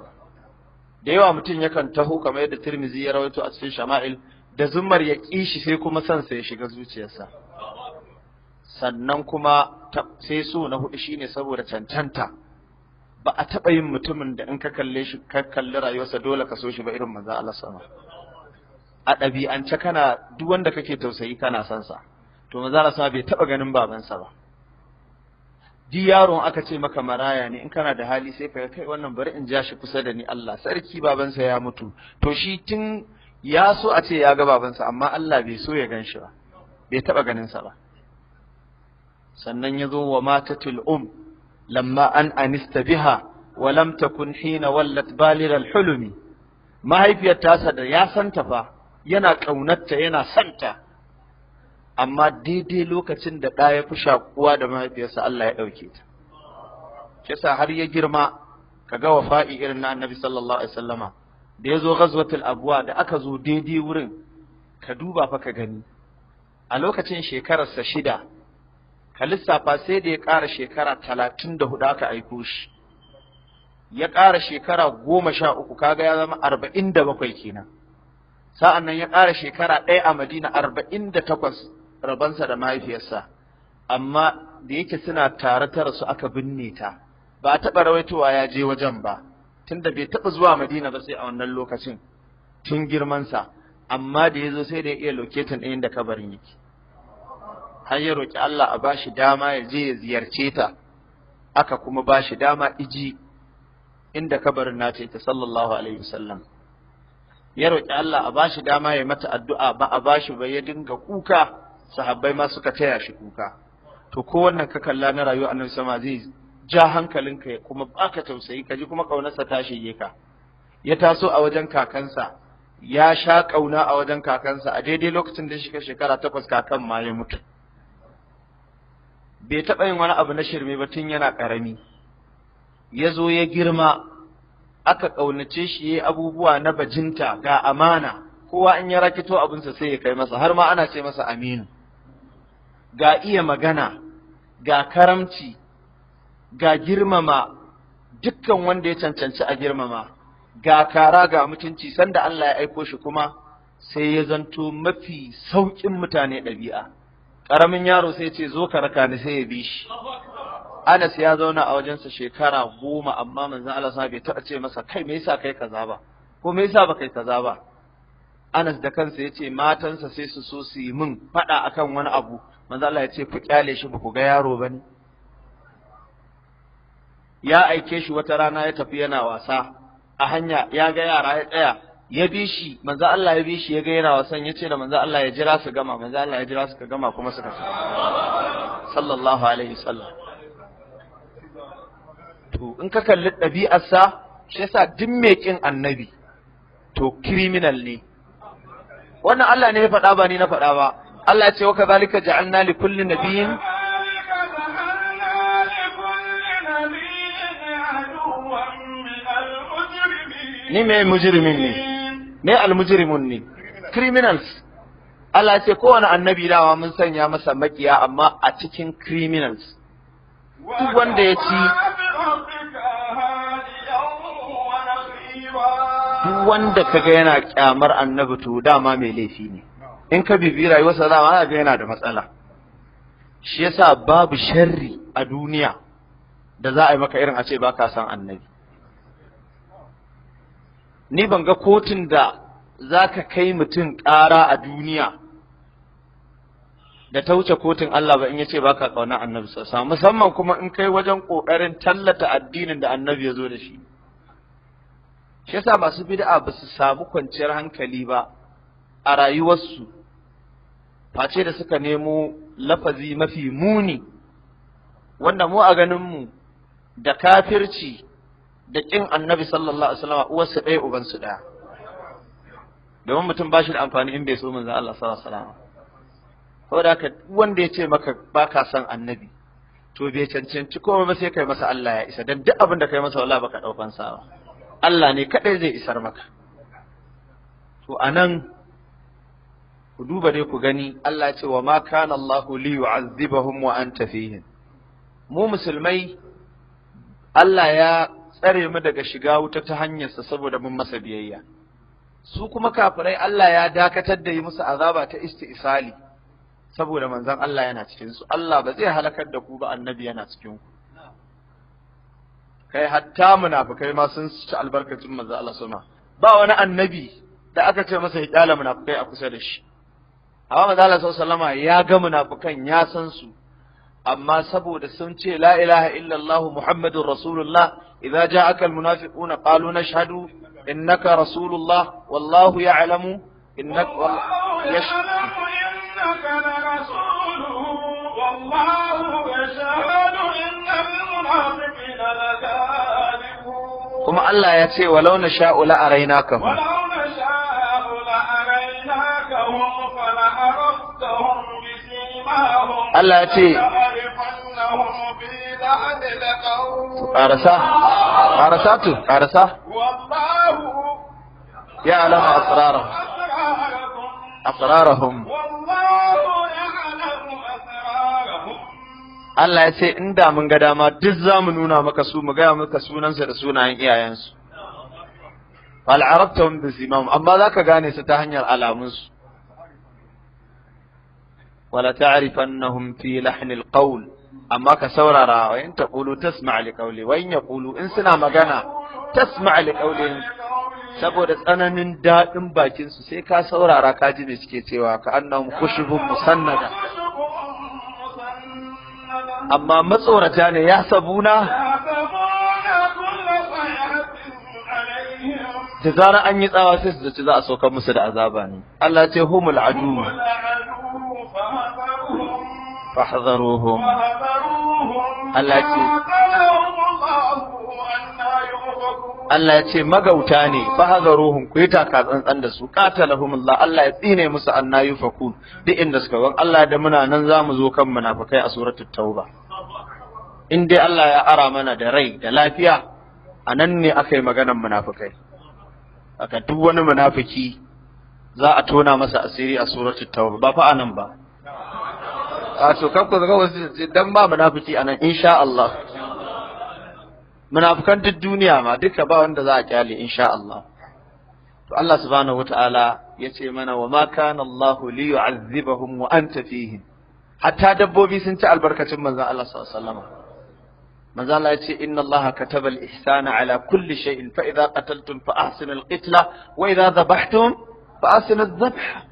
Speaker 1: da yawa mutum yakan taho kamar yadda tirmizi ya rawaito a cikin shama'il da zumar ya ƙi shi sai kuma son sa ya shiga zuciyarsa sannan kuma sai so na hudu shine saboda cancanta ba a taɓa yin mutumin da in ka kalle shi ka kalli rayuwarsa dole ka so shi ba irin manzo Allah sama a ɗabi'ance kana duk wanda kake tausayi kana son sa to manzo Allah sama bai taɓa ganin babansa ba di yaron aka ce maka maraya ne in kana da hali sai ka kai wannan bari in ja shi kusa da ni Allah sarki babansa ya mutu to shi tun ya so a ce ya ga babansa amma Allah bai so ya gan shi ba bai taɓa ganinsa ba sannan ya zo wa matatul um lamma an anista biha wa lam takun hina wallat balil al-hulumi mahaifiyar tasa da ya santa fa yana kaunarta yana santa amma daidai lokacin da ɗa ya fi shakuwa da mahaifiyarsa Allah ya ɗauke ta kisa har ya girma ka kaga wafa'i irin na annabi sallallahu alaihi sallama, da ya zo ghazwatul abuwa da aka zo daidai wurin ka duba fa ka gani a lokacin shekararsa shida ka lissafa sai da ya ƙara shekara talatin da hudu aka aiko shi ya ƙara shekara goma sha uku kaga ya zama arba'in da bakwai kenan sa'an nan ya ƙara shekara ɗaya a madina arba'in da takwas rabansa da mahaifiyarsa amma da yake suna tare ta rasu aka binne ta ba a taɓa rawaitowa ya je wajen ba tunda bai taɓa zuwa madina ba sai a wannan lokacin tun girmansa amma da ya zo sai da ya iya loketin ɗayan da kabarin yake har ya roƙi Allah a bashi dama ya je ya ziyarce ta aka kuma bashi dama iji inda kabarin na ce ta sallallahu alaihi wasallam ya roƙi Allah a bashi dama ya mata addu'a ba a bashi ba ya dinga kuka sahabbai ma suka taya shi kuka to ko wannan ka kalla na rayuwar annabi sama zai ja hankalinka kuma baka tausayi kaji ji kuma kaunarsa ta shige ka ya taso a wajen kakansa ya sha kauna a wajen kakansa a daidai lokacin da shiga shekara takwas kakan ma ya mutu bai taɓa yin wani abu na shirme ba tun yana ƙarami ya zo ya girma aka ƙaunace shi ya abubuwa na bajinta ga amana kowa in ya rakito abinsa sai ya kai masa har ma ana ce masa aminu ga iya magana ga karamci ga girmama dukkan wanda ya cancanci a girmama ga kara ga mutunci sanda Allah ya aiko shi kuma sai ya zanto mafi sauƙin mutane ɗabi'a ƙaramin yaro sai ce zo ka raka ni sai ya bi shi Anas ya zauna a wajensa shekara goma amma manzon Allah sa bai taɓa ce masa kai me yasa kai kaza ba ko me yasa ba kai kaza ba Anas da kansa ya ce matansa sai su so su yi min faɗa akan wani abu manzo Allah ya ce ku kyale shi ba ku ga yaro bane ya aike shi wata rana ya tafi yana wasa a hanya ya ga yara ya tsaya ya bi shi manzo Allah ya bi shi ya ga yana wasan ya ce da manzo Allah ya jira su gama manzo Allah ya jira su ka gama kuma suka sallallahu alaihi wasallam to in ka kalli ɗabi'arsa shi yasa duk mai kin annabi to criminal ne wannan Allah ne ya faɗa ba ni na faɗa ba Allah ya ce wa kazalika ja'alna li kulli nabiyyin
Speaker 2: ni me mujrimin
Speaker 1: ne me mujrimun ne criminals Allah ce kowane annabi dawa mun sanya masa makiya amma a cikin criminals
Speaker 2: duk wanda ya ci
Speaker 1: duk wanda kaga yana kyamar annabi to dama mai laifi ne in ka bibi rayuwarsa za ma ga yana da matsala shi yasa babu sharri a duniya da za a yi maka irin a ce ba ka san annabi ni ban ga kotun da za ka kai mutum ƙara a duniya da ta wuce kotun Allah ba in ya ce ba ka ƙaunar annabi sassa musamman kuma in kai wajen ƙoƙarin tallata addinin da annabi ya zo da shi shi yasa masu bid'a ba su samu kwanciyar hankali ba a rayuwarsu face da suka nemo lafazi mafi muni wanda mu a ganinmu da kafirci da ƙin annabi sallallahu alaihi wasallam uwarsu ɗaya ubansu ɗaya domin mutum ba shi da amfani in bai so manzon Allah sallallahu alaihi wasallam da ka wanda ya ce maka baka son annabi to bai cancanci ko ba sai kai masa Allah ya isa dan duk abin da kai masa wallahi
Speaker 3: baka daukan sa
Speaker 1: Allah ne kadai zai isar maka to anan ku duba dai ku gani Allah ce wa ma kana Allah li yu'azzibahum wa anta fihim mu musulmai Allah ya tsare mu daga shiga wuta ta hanyarsa saboda mun masa biyayya su kuma kafirai Allah ya dakatar da yi musu azaba ta isti'sali saboda manzon Allah yana cikin su Allah ba zai halakar da ku ba annabi yana cikin ku kai hatta munafikai ma sun ci albarkacin manzon Allah suna ba wani annabi da aka ce masa ya kyala munafikai a kusa da shi amma manzo Allah sallama ya ga munafukan ya san su amma saboda sun ce la ilaha illa illallah muhammadur rasulullah idza ja'aka almunafiquna qalu nashhadu innaka rasulullah wallahu ya'lamu innaka yashhadu kuma Allah ya ce walau na sha'ula a raina
Speaker 2: Allah ya ce ƙarasa tu ƙarasa
Speaker 1: ya alama asrarahum asrarahum Allah ya ce inda mun ga dama duk za mu nuna maka su mu gaya maka sunansa da sunayen iyayensu. Al'arabta wanda zimamu, amma za ka gane su ta hanyar alamunsu. ولتعرفنهم في لحن القول amma ka saurara wa in taqulu tasma' li qawli wa in in suna magana tasma' li qawli saboda tsananin daɗin bakinsu sai ka saurara ka ji me cewa ka annahum khushubun musannada
Speaker 2: amma matsorata ne ya sabuna
Speaker 1: da zarar an yi tsawa sai su zaci za a saukar musu da azaba ne Allah ce humul adu فاحذروهم Allah ce Allah ya ce magauta ne fahazaruhum ku yi taka tsantsan da su qatalahumullah Allah ya tsine musu anna yufakun duk inda suka wan Allah da muna nan zamu zo kan munafikai a suratul tauba in dai Allah ya ara mana da rai da lafiya anan ne aka yi maganar munafikai aka duk wani munafuki. za a tona masa asiri a suratul tauba ba fa anan ba a to kan ku zaga wasu dan ba munafiki anan insha Allah munafikan duk duniya ma duka ba wanda za a kyale insha Allah to Allah subhanahu wataala yace mana wa ma kana Allah li yu'azzibahum wa anta fihim hatta dabbobi sun ci albarkacin manzon Allah sallallahu alaihi wasallam manzon Allah yace inna Allah kataba al-ihsana ala kulli shay'in fa idza qataltum fa ahsinu al-qitla wa idza dhabhtum فأسن الذبح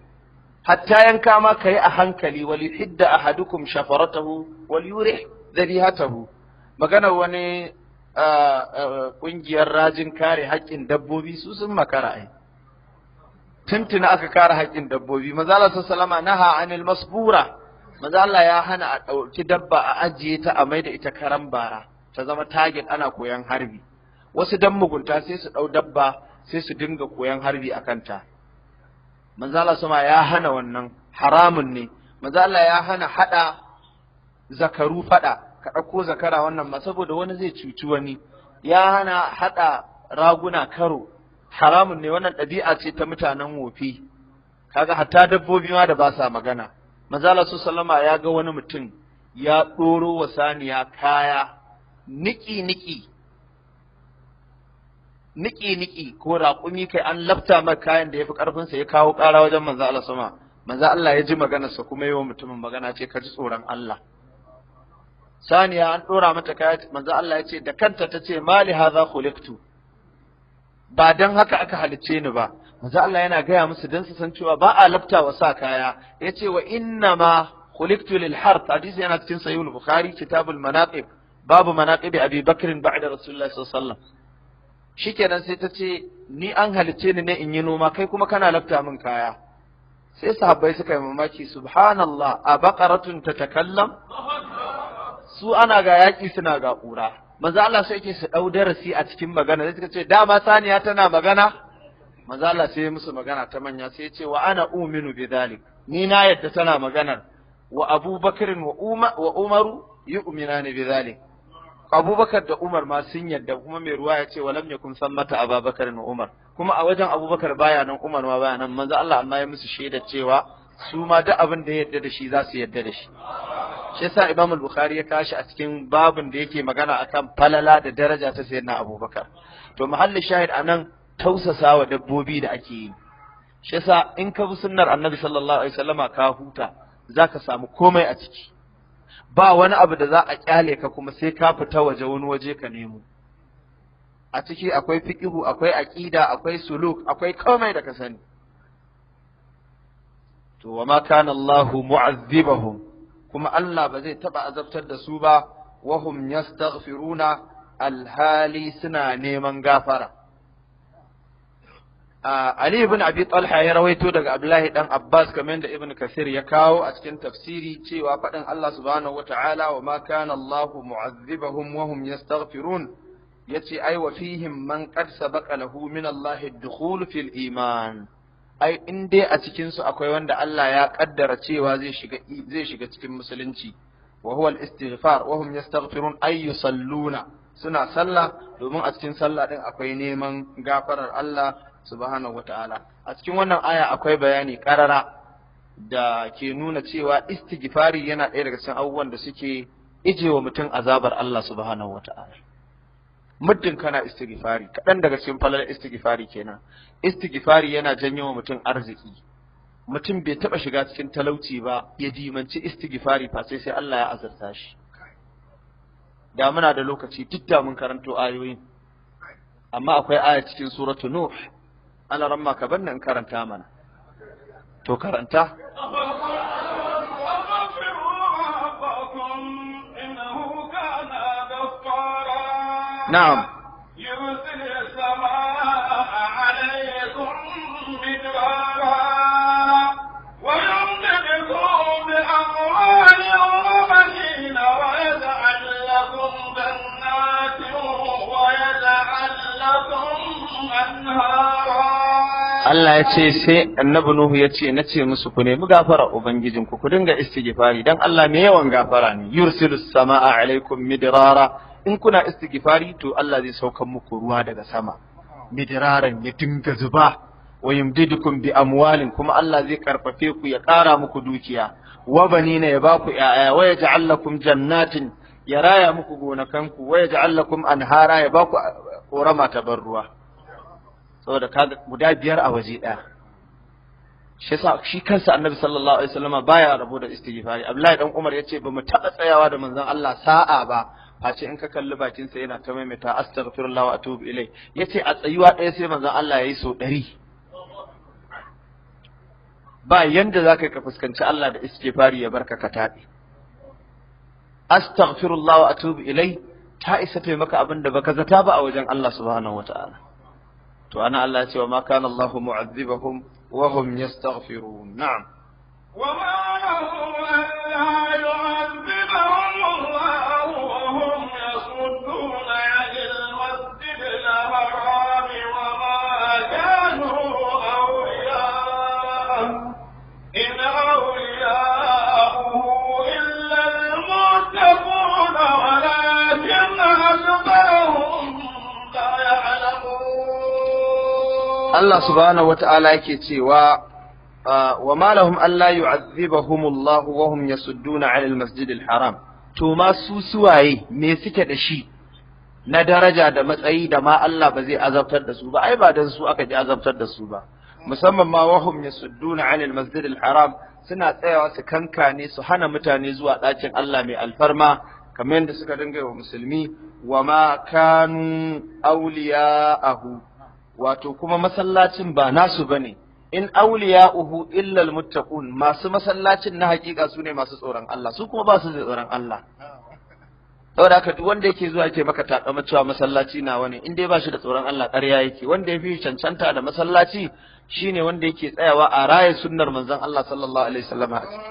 Speaker 1: a ينكاما كي أهنكلي وليحد أحدكم شفرته وليرح ذريهته مغانا wani ƙungiyar rajin kare haƙƙin dabbobi su sun makara ai tuntuna aka kare haƙƙin dabbobi manzo Allah sallama naha anil masbura manzo ya hana a ɗauki dabba a ajiye ta a maida ita karan bara ta zama target ana koyan harbi wasu dan mugunta sai su ɗau dabba sai su dinga koyan harbi a kanta manzo Allah sama ya hana wannan haramun ne manzo ya hana hada zakaru fada ka ɗauko zakara wannan ma saboda wani zai cuci wani ya hana hada raguna karo haramun ne wannan ɗabi'a ce ta mutanen wofi kaga hatta dabbobi ma da ba sa magana manzo Allah sallama ya ga wani mutum ya ɗoro wa saniya kaya niki niki niki-niki ko raƙumi kai an lafta mai kayan da ya fi ƙarfinsa ya kawo ƙara wajen manzo Allah sama manzo Allah ya ji maganarsa kuma yi wa mutumin magana ce ka ji tsoron Allah saniya an ɗora mata kaya manzo Allah ya ce da kanta ta ce mali hadha khuliqtu ba dan haka aka halicce ni ba manzo Allah yana gaya musu dan su san cewa ba a lafta wa sa kaya yace wa inna ma khuliqtu lil harth hadisi yana cikin sahih al-bukhari kitabul manaqib babu manaqibi abi bakr ba'da rasulullahi sallallahu alaihi wasallam shikenan sai ta ce ni an halicce ni ne in yi noma kai kuma kana lafta min kaya sai sahabbai suka yi mamaki subhanallah a ta takallam su ana ga yaƙi suna ga ƙura manzo sai yake su ɗau darasi a cikin magana sai suka ce dama saniya tana magana manzo sai ya musu magana ta manya sai ya ce wa ana uminu bidhalik ni na yadda tana maganar wa Abu wa Umar wa Umaru yu'minani abubakar da umar ma sun yadda kuma mai ruwa ya ce walam yakun mata ababakar da umar kuma a wajen abubakar baya nan umar ma baya nan manzo Allah amma ya musu shaida cewa su ma duk abin da ya yadda da shi za su yadda da shi shi yasa Imam bukhari ya kashi a cikin babin da yake magana akan falala da daraja ta sayyidina Abubakar to muhallin shahid anan tausasawa dabbobi da ake yi shi yasa in ka bi sunnar Annabi sallallahu alaihi wasallama ka huta zaka samu komai a ciki ba wani abu da za a kyale ka kuma sai ka fita waje wani waje ka nemo a ciki akwai fiqihu akwai aqida akwai suluk akwai komai da ka sani to wa ma kana Allahu mu'azzibahum kuma Allah ba zai taba azabtar da su ba wa hum yastaghfiruna alhali suna neman gafara Ali bin Abi Talha ya rawaito daga Abdullahi dan Abbas kamar da Ibn Kathir ya kawo a cikin tafsiri cewa faɗin Allah subhanahu wata'ala wa ma kana Allahu mu'azzibahum wa hum yastaghfirun yace ai wa fihim man qad sabaqa lahu min Allahi dukhul fil iman ai in dai a cikinsu akwai wanda Allah ya ƙaddara cewa zai shiga cikin musulunci wa huwa al-istighfar wa suna sallah domin a cikin sallah din akwai neman gafarar Allah subhanahu wataala a cikin wannan aya akwai bayani karara da ke nuna cewa istighfari yana ɗaya daga cikin abubuwan da suke ijewa mutum azabar Allah subhanahu wataala muddin kana istighfari kaɗan daga cikin falalar istighfari kenan istighfari yana janyo wa mutum arziki mutum bai taɓa shiga cikin talauci ba ya dimanci istighfari fa sai sai Allah ya azarta shi da muna da lokaci duk da mun karanto ayoyin amma akwai aya cikin suratu nuh ana ramma ka bar karanta mana to karanta na'am Allah ya ce sai annabi Nuhu ya ce na ce musu ku nemi gafara ubangijin ku ku dinga istighfari dan Allah mai yawan gafara ne yursilu samaa alaikum midrara in kuna istighfari to Allah zai saukar muku ruwa daga sama midraran ya dinga zuba wa yumdidukum bi amwalin kuma Allah zai karfafe ku ya kara muku dukiya wa banina ya ba ku ƴaƴa wa yaj'al lakum jannatin ya raya muku gonakanku wa yaj'al lakum anhara ya ba ku ƙorama ta ban ruwa saboda kaga guda biyar a waje ɗaya shi yasa shi kansa annabi sallallahu alaihi wasallama baya rabo da istighfari abdullahi dan umar yace ba mu taba tsayawa da manzon Allah sa'a ba face in ka kalli bakin sa yana ta maimaita astaghfirullah wa atubu ilai yace a tsayuwa ɗaya sai manzon Allah yayi so ɗari ba yanda zaka ka fuskanci Allah da istighfari ya barka ka tadi astaghfirullah wa atubu ilai ta isa taimaka abin da baka zata ba a wajen Allah subhanahu wataala وانا التي وما كان الله معذبهم وهم يستغفرون نعم
Speaker 2: وما له الا يعذب Allah
Speaker 1: subhanahu wata'ala yake cewa ah, wa ma lahum alla yu'adhibahum Allah wa hum yasudduna 'anil masjidil haram to ma su suwaye me suke da shi na daraja da matsayi da ma Allah ba zai azabtar da su ba ai ba dan su aka ji azabtar da su ba musamman ma wahum yasudduna 'anil masjidil haram suna tsayawa su kankane su hana mutane zuwa ɗakin Allah mai alfarma kamar yadda suka dinga wa musulmi wa ma kanu ahu. wato kuma masallacin ba nasu bane in uhu illa almuttaqun masu masallacin na hakika su ne masu tsoron Allah su kuma ba su da tsoron Allah saboda haka duk wanda yake zuwa yake maka takama cewa masallaci na wani in dai ba shi da tsoron Allah ƙarya yake wanda yafi cancanta da masallaci shine wanda yake tsayawa a raye sunnar manzon Allah sallallahu alaihi wasallam a ciki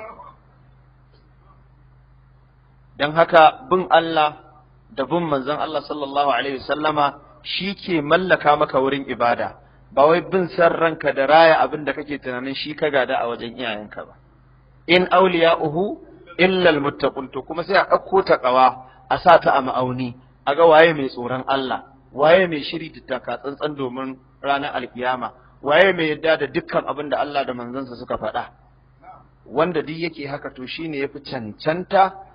Speaker 1: dan haka bin Allah da bin manzon Allah sallallahu alaihi wasallama shi ke mallaka maka wurin ibada ba wai bin san ranka da raya abin da kake tunanin shi ka gada a wajen iyayenka ba in auliya uhu illal muttaqun to kuma sai a ɗauko ta ƙawa a sa ta a ma'auni a ga waye mai tsoron Allah waye mai shiri da taka tsantsan domin ranar alkiyama waye mai yadda da dukkan abin da Allah da manzansa suka faɗa wanda duk yake haka to shine yafi cancanta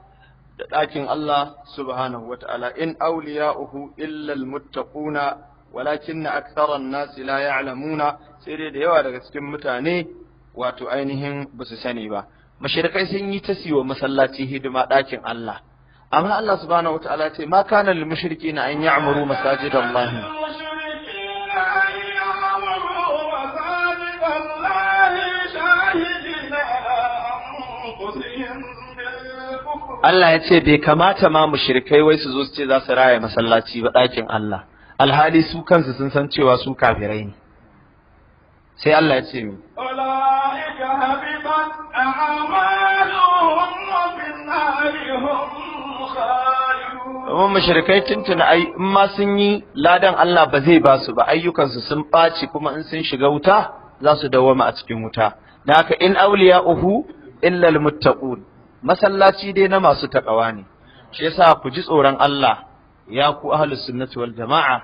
Speaker 1: da ɗakin Allah subhanahu wa ta'ala in illal illa almuttaquna walakinna aksaran nasi la ya'lamuna sai dai da yawa daga cikin mutane wato ainihin ba su sani ba mashirkai sun yi ta siwa masallaci hidima ɗakin Allah amma Allah subhanahu wa ta'ala ce ma kana lil mushrikeena an ya'muru masajidallahi Allah ya ce bai kamata ma mushrikai wai su zo su ce za su raya masallaci ba ɗakin Allah alhali su kansu sun san cewa su kafirai ne sai Allah ya ce mi
Speaker 2: Kuma mashirikai tuntuna
Speaker 1: ai in ma sun yi ladan Allah ba zai ba su ba ayyukansu sun ɓaci kuma in sun shiga wuta za su dawwama a cikin wuta. Da haka in auliya uhu illal muttaqun masallaci dai na masu takawa ne shi yasa ku ji tsoron Allah ya ku ahlus sunnati wal jama'a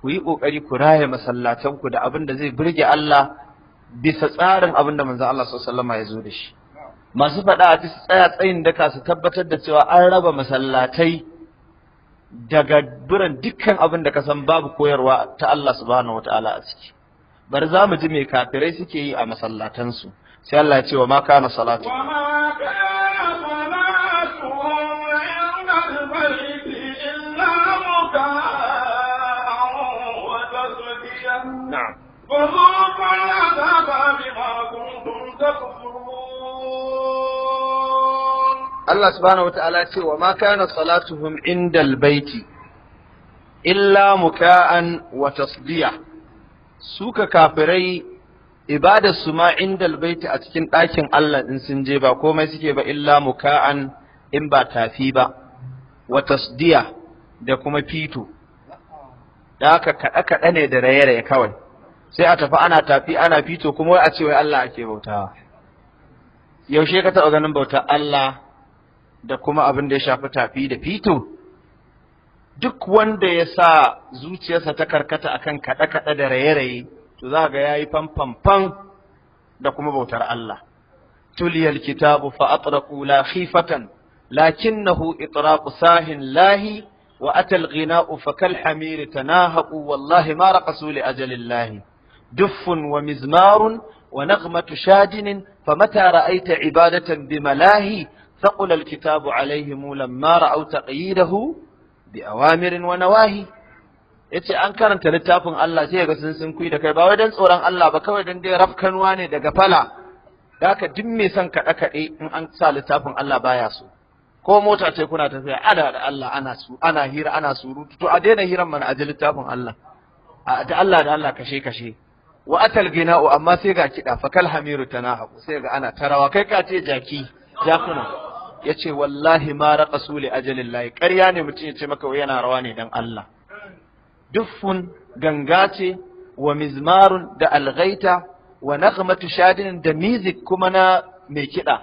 Speaker 1: ku yi kokari ku raye masallatan ku da abin da zai burge Allah bisa tsarin abin da manzon Allah sallallahu ya zo da shi masu faɗa a cikin tsaya tsayin daka su tabbatar da cewa an raba masallatai daga biran dukkan abin da ka san babu koyarwa ta Allah subhanahu wataala a ciki Bari za mu ji mai kafirai suke yi a masallatansu sai Allah ya ce wa ma kana salatu
Speaker 2: فذوقوا العذاب بما كنتم تكفرون
Speaker 1: الله سبحانه وتعالى وما كان صلاتهم عند البيت إلا مكاء وتصديع سوك كافري ibadar su ma indal baiti a cikin ɗakin Allah in sun je ba komai suke ba illa muka'an in ba tafi ba wa tasdiya da kuma fito da kaɗe kaɗa-kaɗa ne da raye-raye kawai sai a tafi ana tafi ana fito kuma wai a ce wai Allah ake bautawa yaushe ka taɓa ganin bautar Allah da kuma abin da ya shafi tafi da fito duk wanda ya sa zuciyarsa ta karkata akan kaɗe-kaɗe da raye-raye to za ga ya yi fanfanfan da kuma bautar Allah tuliyal kitabu fa atraqu la khifatan lakinnahu itraqu sahin lahi wa atal ghina'u fa kal hamir tanahaqu wallahi ma raqasu li ajalillahi دف ومزمار ونغمة شادن فمتى رأيت عبادة بملاهي فقل الكتاب عليهم لما رأوا تقييده بأوامر ونواهي yace an karanta littafin Allah sai ga sun sun da kai ba wai dan tsoron Allah ba kawai dan dai rafkanwa ne daga fala da haka duk mai son kaɗe kaɗe in an sa littafin Allah baya so ko mota ce kuna tafiya ada da Allah ana su ana hira ana surutu to a daina hiran mana a ji littafin Allah a da Allah da Allah kashe kashe wa atal gina'u amma sai ga kiɗa fakal hamiru tana haku sai ga ana tarawa kai ka ce jaki jakuna ya ce wallahi ma raƙa su ajalin layi ƙarya ne mutum ya maka wai yana rawa ne don Allah duffun ganga ce wa mizmarun da algaita wa nagmatu shadin da mizik kuma na mai kiɗa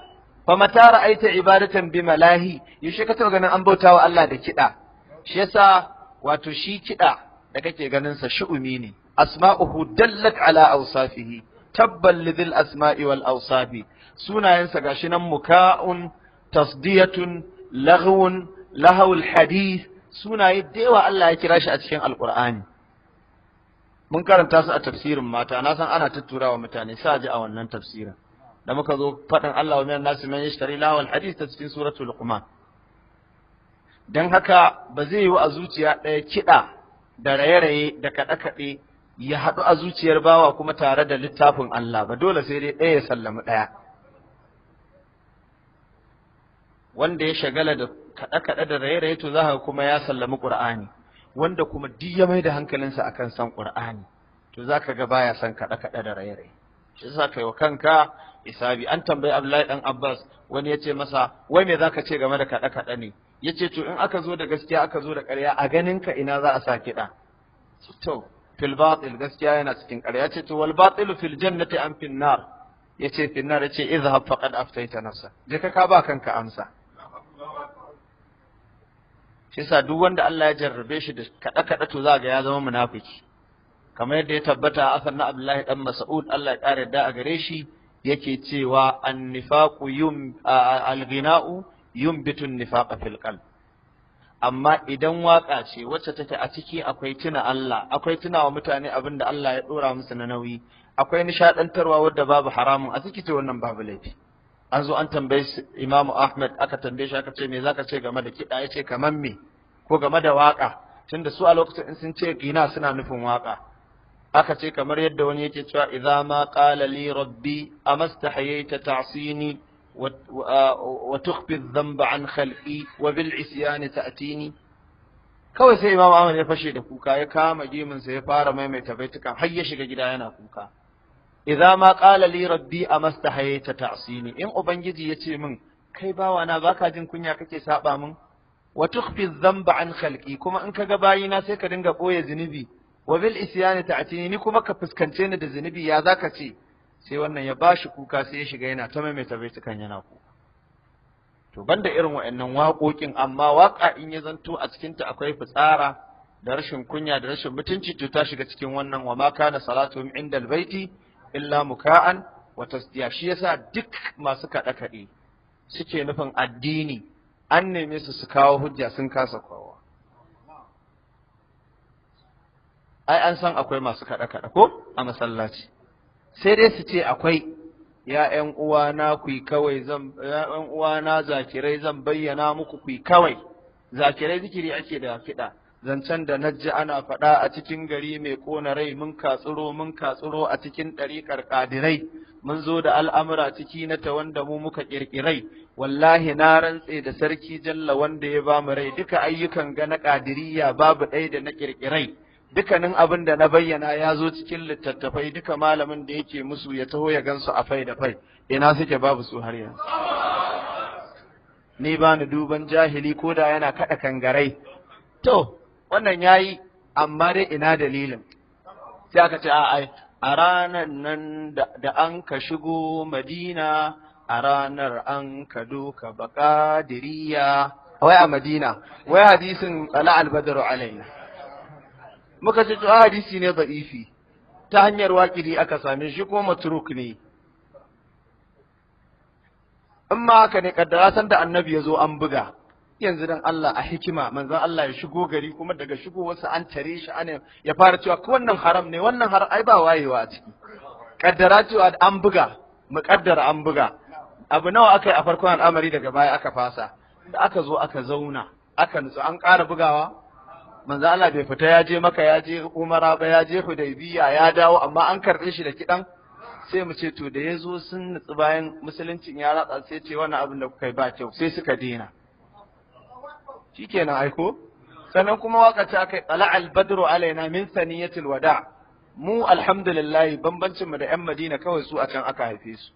Speaker 1: fa mata ra'aita ibadatan bi malahi yaushe ka taɓa ganin an bauta wa Allah da kiɗa shi yasa wato shi kiɗa da kake ganin sa shu'umi ne asma'uhu dallat ala awsafihi tabban lidhil asma'i wal awsafi sunayensa gashi nan muka'un tasdiyatun laghwun lahawul hadith sunaye da yawa Allah ya kira shi a cikin alqur'ani mun karanta su a tafsirin mata na san ana tatturawa mutane sa ji a wannan tafsirin da muka zo faɗin Allah wa minan nasu man yashtari lahawal hadith ta cikin suratul luqman dan haka ba zai yi a zuciya ɗaya kiɗa da raye-raye da kaɗe-kaɗe ya haɗu a zuciyar bawa kuma tare da littafin Allah ba dole sai dai ɗaya ya sallami ɗaya wanda ya shagala da kaɗe-kaɗe da raye-raye to za kuma ya sallami ƙur'ani wanda kuma duk ya mai da hankalinsa akan san ƙur'ani to za ka ga baya san kaɗe-kaɗe da raye-raye shi za ka wa kanka isabi an tambayi Abdullahi ɗan Abbas wani ya ce masa wai me za ka ce game da kaɗe kaɗe ne ya ce to in aka zo da gaskiya aka zo da ƙarya a ganinka ina za a sa kiɗa to fil batil gaskiya yana cikin ƙarya ce to wal batilu fil jannati an fil nar yace fil nar yace izhab faqad aftaita nafsa je ka ka ba kanka amsa shi yasa duk wanda Allah ya jarrabe shi da kada kada to za ga ya zama munafiki kamar yadda ya tabbata a asar na Abdullahi dan Mas'ud Allah ya kare da a gare shi yake cewa an-nifaqu yum al-ghina'u yumbitu an-nifaqa fil qalb amma idan waka ce wacce take a ciki akwai tuna Allah akwai tuna wa mutane abin da Allah ya dora musu na nauyi akwai nishadantarwa wadda babu haramun a ciki ce wannan babu laifi an zo an tambaye Imam Ahmad aka tambaye shi aka ce me zaka ce game da kida yace kaman me ko game da waka tunda su a lokacin in sun ce gina suna nufin waka aka ce kamar yadda wani yake cewa idza ma qala li rabbi amastahayta ta'sini وتخفي الذنب عن خلقي وبالعصيان تأتيني kawai sai imam Ahmad ya fashe da kuka ya kama gimin sa ya fara maimaita baitukan har ya shiga gida yana kuka idza ma qala li rabbi amastahayta ta'sini in ubangiji ya ce min kai bawa na baka jin kunya kake saba min wa tukhfi dhanba an khalqi kuma in kaga bayina sai ka dinga boye zunubi wa bil isyani ta'tini ni kuma ka fuskance ni da zinubi ya zaka ce sai wannan ya ba shi kuka sai ya shiga yana ta maimaita baitukan yana kuka to ban da irin waɗannan waƙoƙin amma waƙa in ya zanto a cikinta akwai fitsara da rashin kunya da rashin mutunci to ta shiga cikin wannan wa ma kana min indal baiti illa muka'an wa tasdiya shi yasa duk masu kaɗe kaɗe suke nufin addini an neme su su kawo hujja sun kasa kowa ai an san akwai masu kaɗe kaɗe ko a masallaci sai dai su ce akwai ya uwana ku kawai zan zakirai zan bayyana muku ku kawai zakirai zikiri ake da kiɗa zancen da na ji ana faɗa a cikin gari mai ƙona rai mun katsuro mun katsuro a cikin ɗariƙar ƙadirai mun zo da al'amura ciki na ta wanda mu muka ƙirƙirai wallahi na rantse da sarki jalla wanda ya ba mu rai duka ayyukan ga na ƙadiriya babu ɗaya da na ƙirƙirai Dukanin abin da na bayyana ya zo cikin littattafai duka malamin da yake musu ya taho ya gansu a fai da fai ina suke babu su har yanzu ni ba duban jahili ko da yana kada kangarai to wannan yayi amma dai ina dalilin sai aka ce a'a a ranar nan da an ka shigo madina a ranar an ka doka baƙadiriya wai a madina wai hadisin tsala albadaru alaina muka ce to hadisi ne da'ifi ta hanyar waƙidi aka same shi ko matruk ne in ma haka ne kaddara san da annabi ya zo an buga yanzu dan Allah a hikima manzon Allah ya shigo gari kuma daga shigowarsa an tare shi ana ya fara cewa ko wannan haram ne wannan har ai ba wayewa a ciki kaddara cewa an buga muƙaddara an buga abu nawa aka yi a farkon al'amari daga baya aka fasa da aka zo aka zauna aka nutsu an ƙara bugawa manzo Allah bai fita ya je maka ya je umara ba ya je hudaybiya ya dawo amma an karɓe shi da kiɗan sai mu ce to da ya zo sun nutsu bayan musuluncin ya ratsa sai ce wannan abin da kuka yi ba kyau sai suka dina shikenan aiko sannan kuma waka ta kai al Badru, alaina min saniyatil wada mu alhamdulillah bambancin mu da yan madina kawai su a aka haife su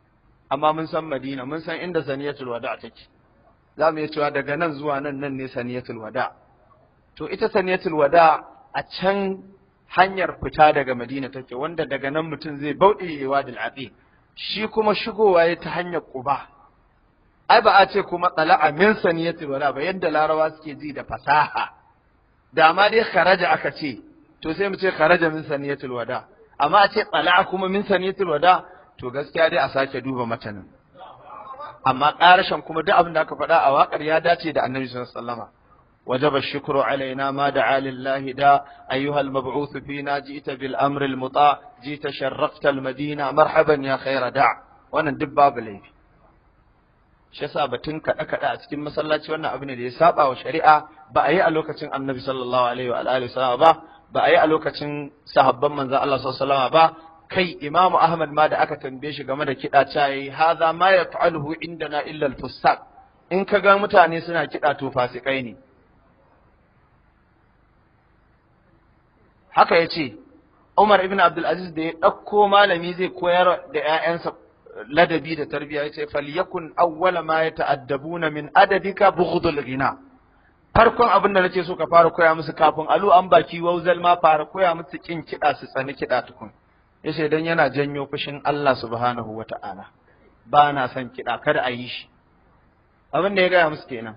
Speaker 1: amma mun san madina mun san inda saniyatul wada take za mu iya cewa daga nan zuwa nan nan ne saniyatul wada to ita saniyatul wada a can hanyar fita daga madina take wanda daga nan mutum zai bauɗe wadil azim shi kuma shigowa ya ta hanyar ƙuba? ai ba a ce kuma a min saniyatul wada ba yadda larawa suke ji da fasaha da ma dai kharaja aka ce to sai mu ce kharaja min saniyatul wada amma a ce tsala kuma min saniyatul wada to gaskiya dai a sake duba matanin amma ƙarashin kuma duk abin da aka faɗa a waƙar ya dace da annabi sallallahu alaihi wasallama وجب الشكر علينا ما دعا لله داء أيها المبعوث فينا جئت بالأمر المطاع جئت شرفت المدينة مرحبا يا خير داع وانا دباب ليفي shi yasa batun kaɗa kaɗa a cikin masallaci wannan abu ne da ya saba wa shari'a ba a yi a lokacin annabi sallallahu alaihi wa alihi wasallam ba ba a yi a lokacin sahabban manza Allah sallallahu alaihi wasallam ba kai imamu ahmad ma da aka tambaye shi game da kiɗa ta yi hadha ma yaf'aluhu inda na al fusak. in ka ga mutane suna kiɗa to fasikai ne haka ya ce umar ibn abdulaziz da ya ɗauko malami zai koyar da 'ya'yansa ladabi da tarbiyya ya ce falyakun awwala ma ya ta'addabu na min adabika bughdul gina. farkon abin da nace so ka fara koya musu kafin alu an baki wauzal ma fara koya musu kin kiɗa su tsani kiɗa tukun Ya ce don yana janyo fushin Allah subhanahu ta'ala ba na son kiɗa kada a yi shi abin da ya gaya musu kenan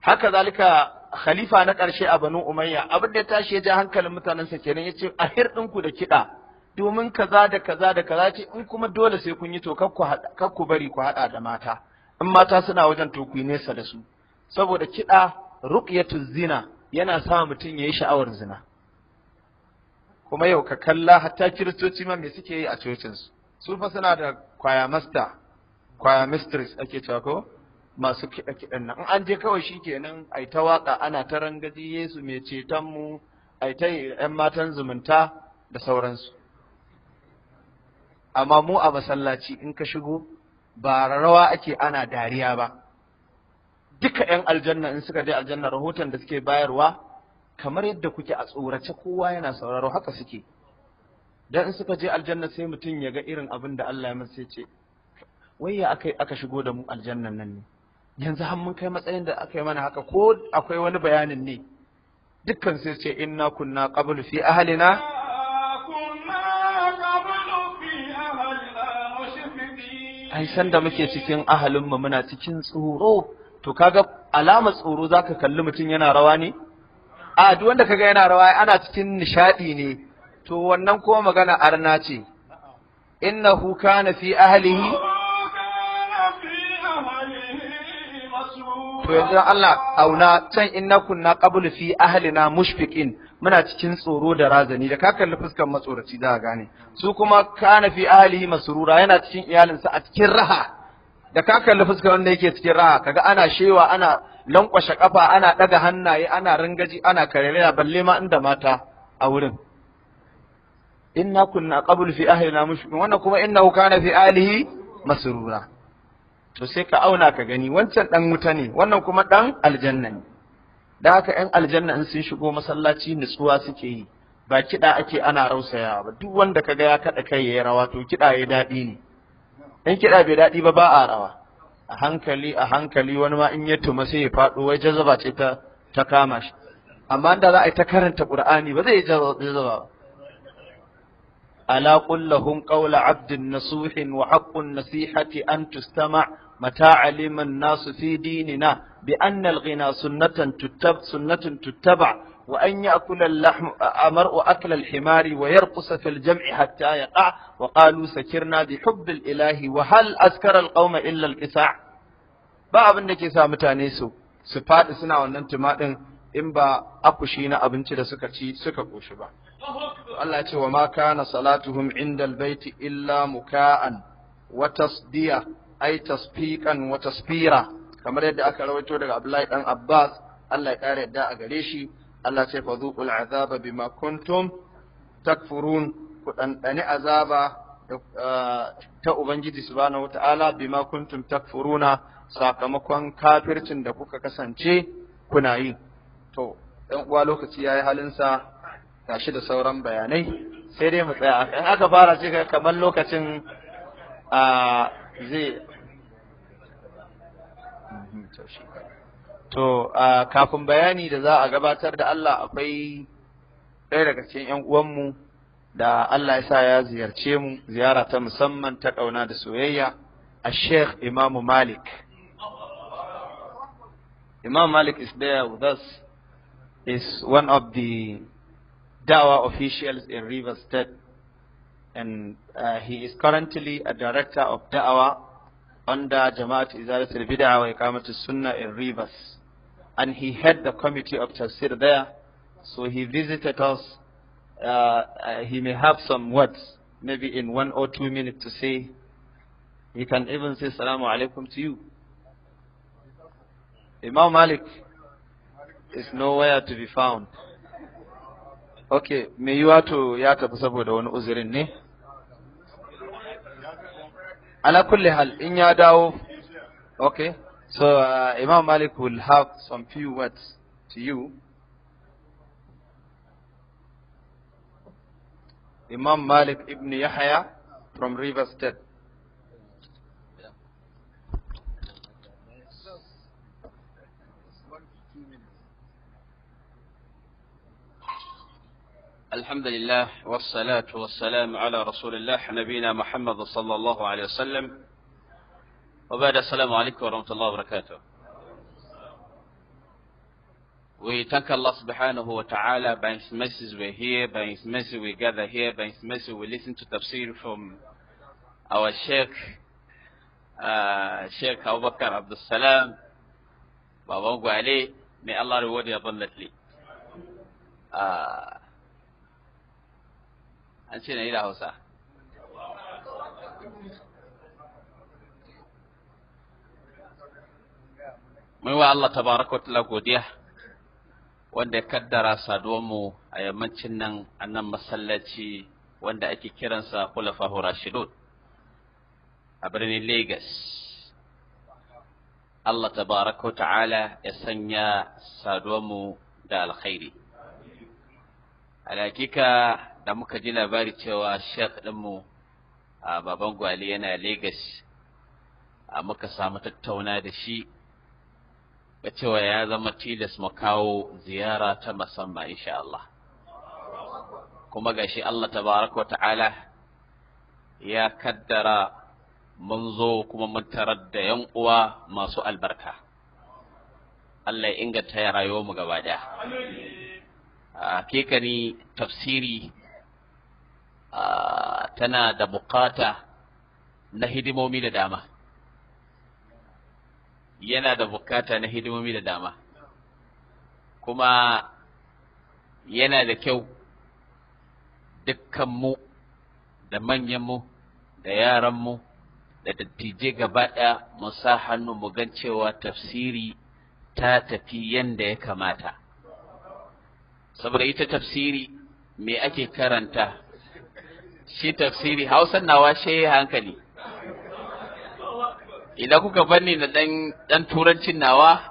Speaker 1: haka zalika khalifa na ƙarshe a Banu Umayya abin da ya tashi ya ja hankalin mutanensa kenan ya ce a ku da kiɗa domin kaza da kaza da kaza ce in kuma dole sai kun yi to kar ku bari ku haɗa da mata in mata suna wajen to ku yi nesa da su saboda kiɗa ruqyatu zina yana sa mutum ya yi sha'awar zina kuma yau ka kalla hatta kiristoci ma me suke yi a su su fa suna da kwaya master kwaya mistress ake cewa ko masu kiɗa-kiɗan nan an je kawai shi kenan ai ta waka, ana ta rangaji Yesu mai ceton mu ai ta ‘yan matan zumunta da sauransu amma mu a masallaci in ka shigo ba rawa ake ana dariya ba duka ‘yan aljanna in suka je aljanna rahoton da suke bayarwa kamar yadda kuke a tsorace kowa yana sauraro haka suke dan in suka je aljanna sai mutum ya ga irin abin da Allah ya masa ce wai ya aka shigo da mu aljannan nan ne yanzu har mun kai matsayin da aka yi mana haka ko akwai wani bayanin ne dukkan sai ce inna kunna qablu fi ahlina ai san da muke cikin ahalinmu muna cikin tsoro to kaga alama tsoro zaka kalli mutum yana rawa ne a duk wanda kaga yana rawa ana cikin nishadi ne to wannan kuma magana arna ce innahu kana fi ahlihi
Speaker 2: to yanzu Allah
Speaker 1: auna can inna kunna qablu fi ahlina mushfiqin muna cikin tsoro da razani da ka kalli fuskar matsoraci za gane su kuma kana fi ahlihi masrura yana cikin iyalinsa a cikin raha da ka kalli fuskar wanda yake cikin raha kaga ana shewa ana lankwashe kafa ana daga hannaye ana rangaji ana karerera balle ma inda mata a wurin inna kunna qablu fi ahlina mushfiqin wannan kuma innahu kana fi ahlihi masrura to sai ka auna ka gani wancan ɗan wuta ne wannan kuma ɗan aljanna ne da haka yan aljanna in sun shigo masallaci nutsuwa suke yi ba kiɗa ake ana rausayawa ba duk wanda kaga ya kaɗa kai ya rawa to kiɗa ya daɗi ne in kiɗa bai daɗi ba ba a rawa a hankali a hankali wani ma in ya tuma sai ya faɗo wai jazaba ce ta kama shi amma da za a yi ta karanta qur'ani ba zai jazaba ba ألا قل لهم قول عبد نصوح وحق النصيحة أن تستمع متى علم الناس في ديننا بأن الغنى سنة تتبع, سنة تتبع وأن يأكل اللحم أمرء أكل الحمار ويرقص في الجمع حتى يقع وقالوا سكرنا بحب الإله وهل أذكر القوم إلا القساع ba abin da ke sa mutane su su faɗi suna wannan tumaɗin in ba akushi na abinci da suka ci suka ƙoshi ba Allah ce wa ma kana salatuhum inda albaiti illa muka'an wa tasdiya ay tasfiqan wa tasfira kamar yadda aka rawaito daga Abdullahi dan Abbas Allah ya kare yadda a gare shi Allah ce fa zuqul azaba bima kuntum takfurun ku dandani azaba eh, ta ubangiji subhanahu wataala bima kuntum takfuruna sakamakon kafircin da kuka kasance kuna yi to ɗan uwa lokaci yayi halinsa tashi da sauran bayanai sai dai mu tsaya in aka fara ce kamar lokacin a zai mhm, to kafin bayani da za a gabatar da Allah akwai ɗaya daga cikin ‘yan uwanmu da Allah ya sa ya ziyarce mu ziyara ta musamman ta ƙauna da soyayya a Sheikh imam Malik. Imam Malik is there with us, is one of the Dawa officials in River State. And uh, he is currently a director of Dawa under Jamaat Izalat al-Bid'ah wa Iqamat sunnah in Rivers. And he head the committee of Tafsir there. So he visited us. Uh, uh, he may have some words, maybe in one or two minutes to say. He can even say Salamu Alaikum to you. Imam Malik is nowhere to be found ok mai yiwa to ya tafi saboda wani uzurin ne ala kulli hal in ya dawo okay so uh, imam malik will have some few words to you imam malik ibn yahya from river state
Speaker 3: الحمد لله والصلاة والسلام على رسول الله نبينا محمد صلى الله عليه وسلم وبعد السلام عليكم ورحمة الله وبركاته We thank Allah subhanahu wa ta'ala by His mercies we're here, by His mercy we gather here, by His mercy we listen to tafsir from our Sheikh, uh, Sheikh Abu Bakr Abdul Salam, Babangu Ali, may Allah reward you abundantly. Uh, an ce na yi da hausa mai wa Allah Ta wa ta'ala godiya wanda ya kaddara Saduwanmu a yammacin nan a nan masallaci wanda ake kiransa Khulafahu Rashidun a birnin Legas. Allah tabaraka ta'ala ya sanya Saduwanmu da alkhairi. Alhakika da muka ji labari cewa shek ɗinmu a baban gwali yana Legas a muka samu tattauna da shi ga cewa ya zama tilas mu kawo ziyara ta musamman insha Allah kuma gashi Allah tabaraka ta'ala ya kaddara mun zo kuma mun tarar da yan uwa masu albarka Allah ya inganta ya rayuwa mu gaba daya hakikani tafsiri tana da bukata na hidimomi da dama yana da bukata na hidimomi da dama kuma yana da kyau dukkanmu da manyanmu da yaranmu da dattijai gaba ɗaya mu sa hannu mu gan cewa tafsiri ta tafi yadda ya kamata saboda ita tafsiri me ake karanta shi tafsiri hausan nawa shi hankali idan kuka fanni na dan dan turancin nawa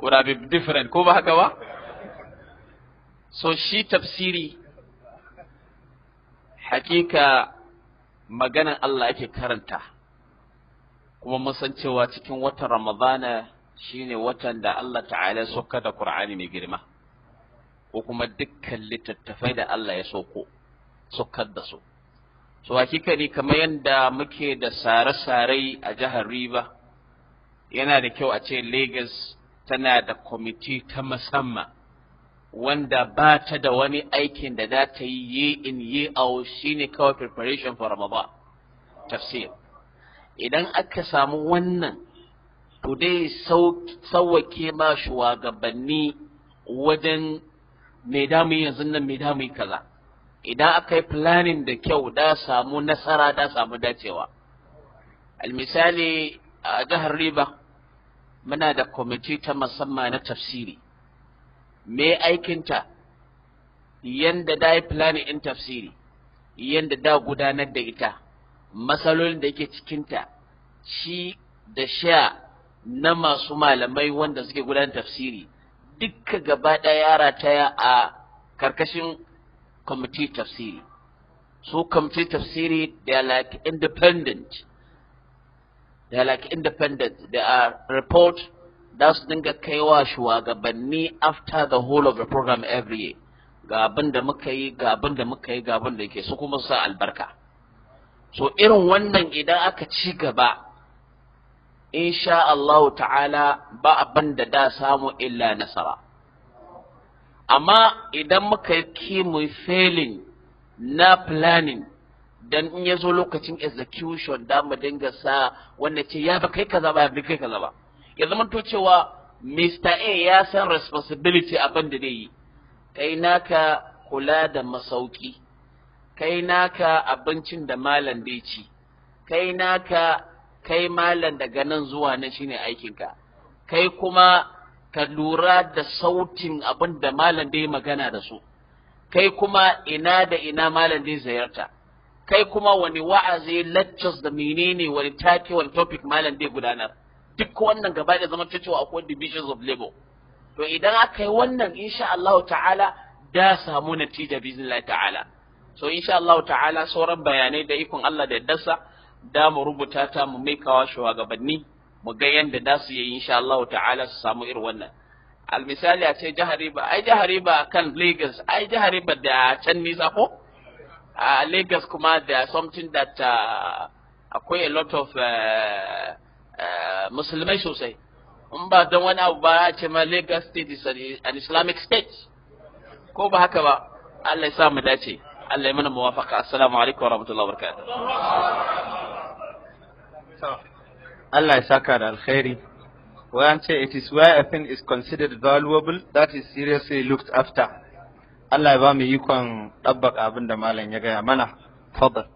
Speaker 3: would be different ko ba haka ba so shi tafsiri hakika maganan Allah yake karanta kuma mun cewa cikin watan Ramadana shine watan da Allah ta'ala sauka da Qur'ani mai girma ko kuma dukkan littattafai da Allah ya sauko saukar da su so hakikani kamar yadda muke da sare-sare a jihar Riba yana da kyau a ce Lagos tana da kwamiti ta musamman wanda ba ta da wani aikin da za ta yi ye in ye out shine kawai preparation for Ramadan tafsir idan aka samu wannan to dai sauwake ma shugabanni wajen me damu yanzu nan me damu kaza idan aka yi planning da kyau da samu nasara da samu dacewa almisali a jihar riba muna da kwamiti ta musamman na tafsiri me aikinta yanda da yi planning in tafsiri yanda da gudanar da ita matsalolin da yake cikinta shi da sha na masu malamai wanda suke gudanar tafsiri dukka gaba ɗaya yara ta a karkashin committee tafsiri so committee tafsiri they are like independent they are like independent they are report das su dinga kaiwa shugabanni after the whole of the program every year ga abin da muka yi ga abin da muka yi ga abin da yake su kuma sa albarka so irin wannan idan aka ci gaba insha Allah ta'ala ba abin da da samu illa nasara amma idan muka yi kimu failing na planning dan in ya zo lokacin execution da mu dinga sa wanda ce ya ba kai kaza ba ya bi kai kaza ba ya zama to cewa Mr. A ya san responsibility abin da zai yi kai naka kula da masauki kai naka abincin da malam da ci kai naka kai malam daga nan zuwa nan shine aikinka kai kuma ka lura da sautin abin da malam dai magana da su kai kuma ina da ina malam dai zayarta, kai kuma wani wa'azi lectures da menene wani take wani topic malam dai gudanar duk wannan gaba da zama cewa akwai divisions of labor to idan aka yi wannan insha Allah ta'ala da samu natija biznillah ta'ala so insha Allah ta'ala sauran bayanai da ikon Allah da dasa da mu rubuta ta mu maikawa shugabanni mu ga yanda da su yi insha Allah ta'ala su samu irin wannan misali a ce jihar Riba ai jihar Riba kan Lagos ai jihar Riba da can nisa ko a Lagos kuma da something that uh, akwai a lot of uh, uh, musulmai sosai in ba don wani abu ba a ce ma Lagos state is an Islamic state ko ba haka ba Allah ya sa mu dace Allah ya mana muwafaka assalamu alaikum wa rahmatullahi
Speaker 1: Allah ya saka da alkhairi wayan ce it is why a thing is considered valuable that is seriously looked after Allah ya ba mu ikon ɗabbaka dabbaka abinda malam ya gaya mana fadl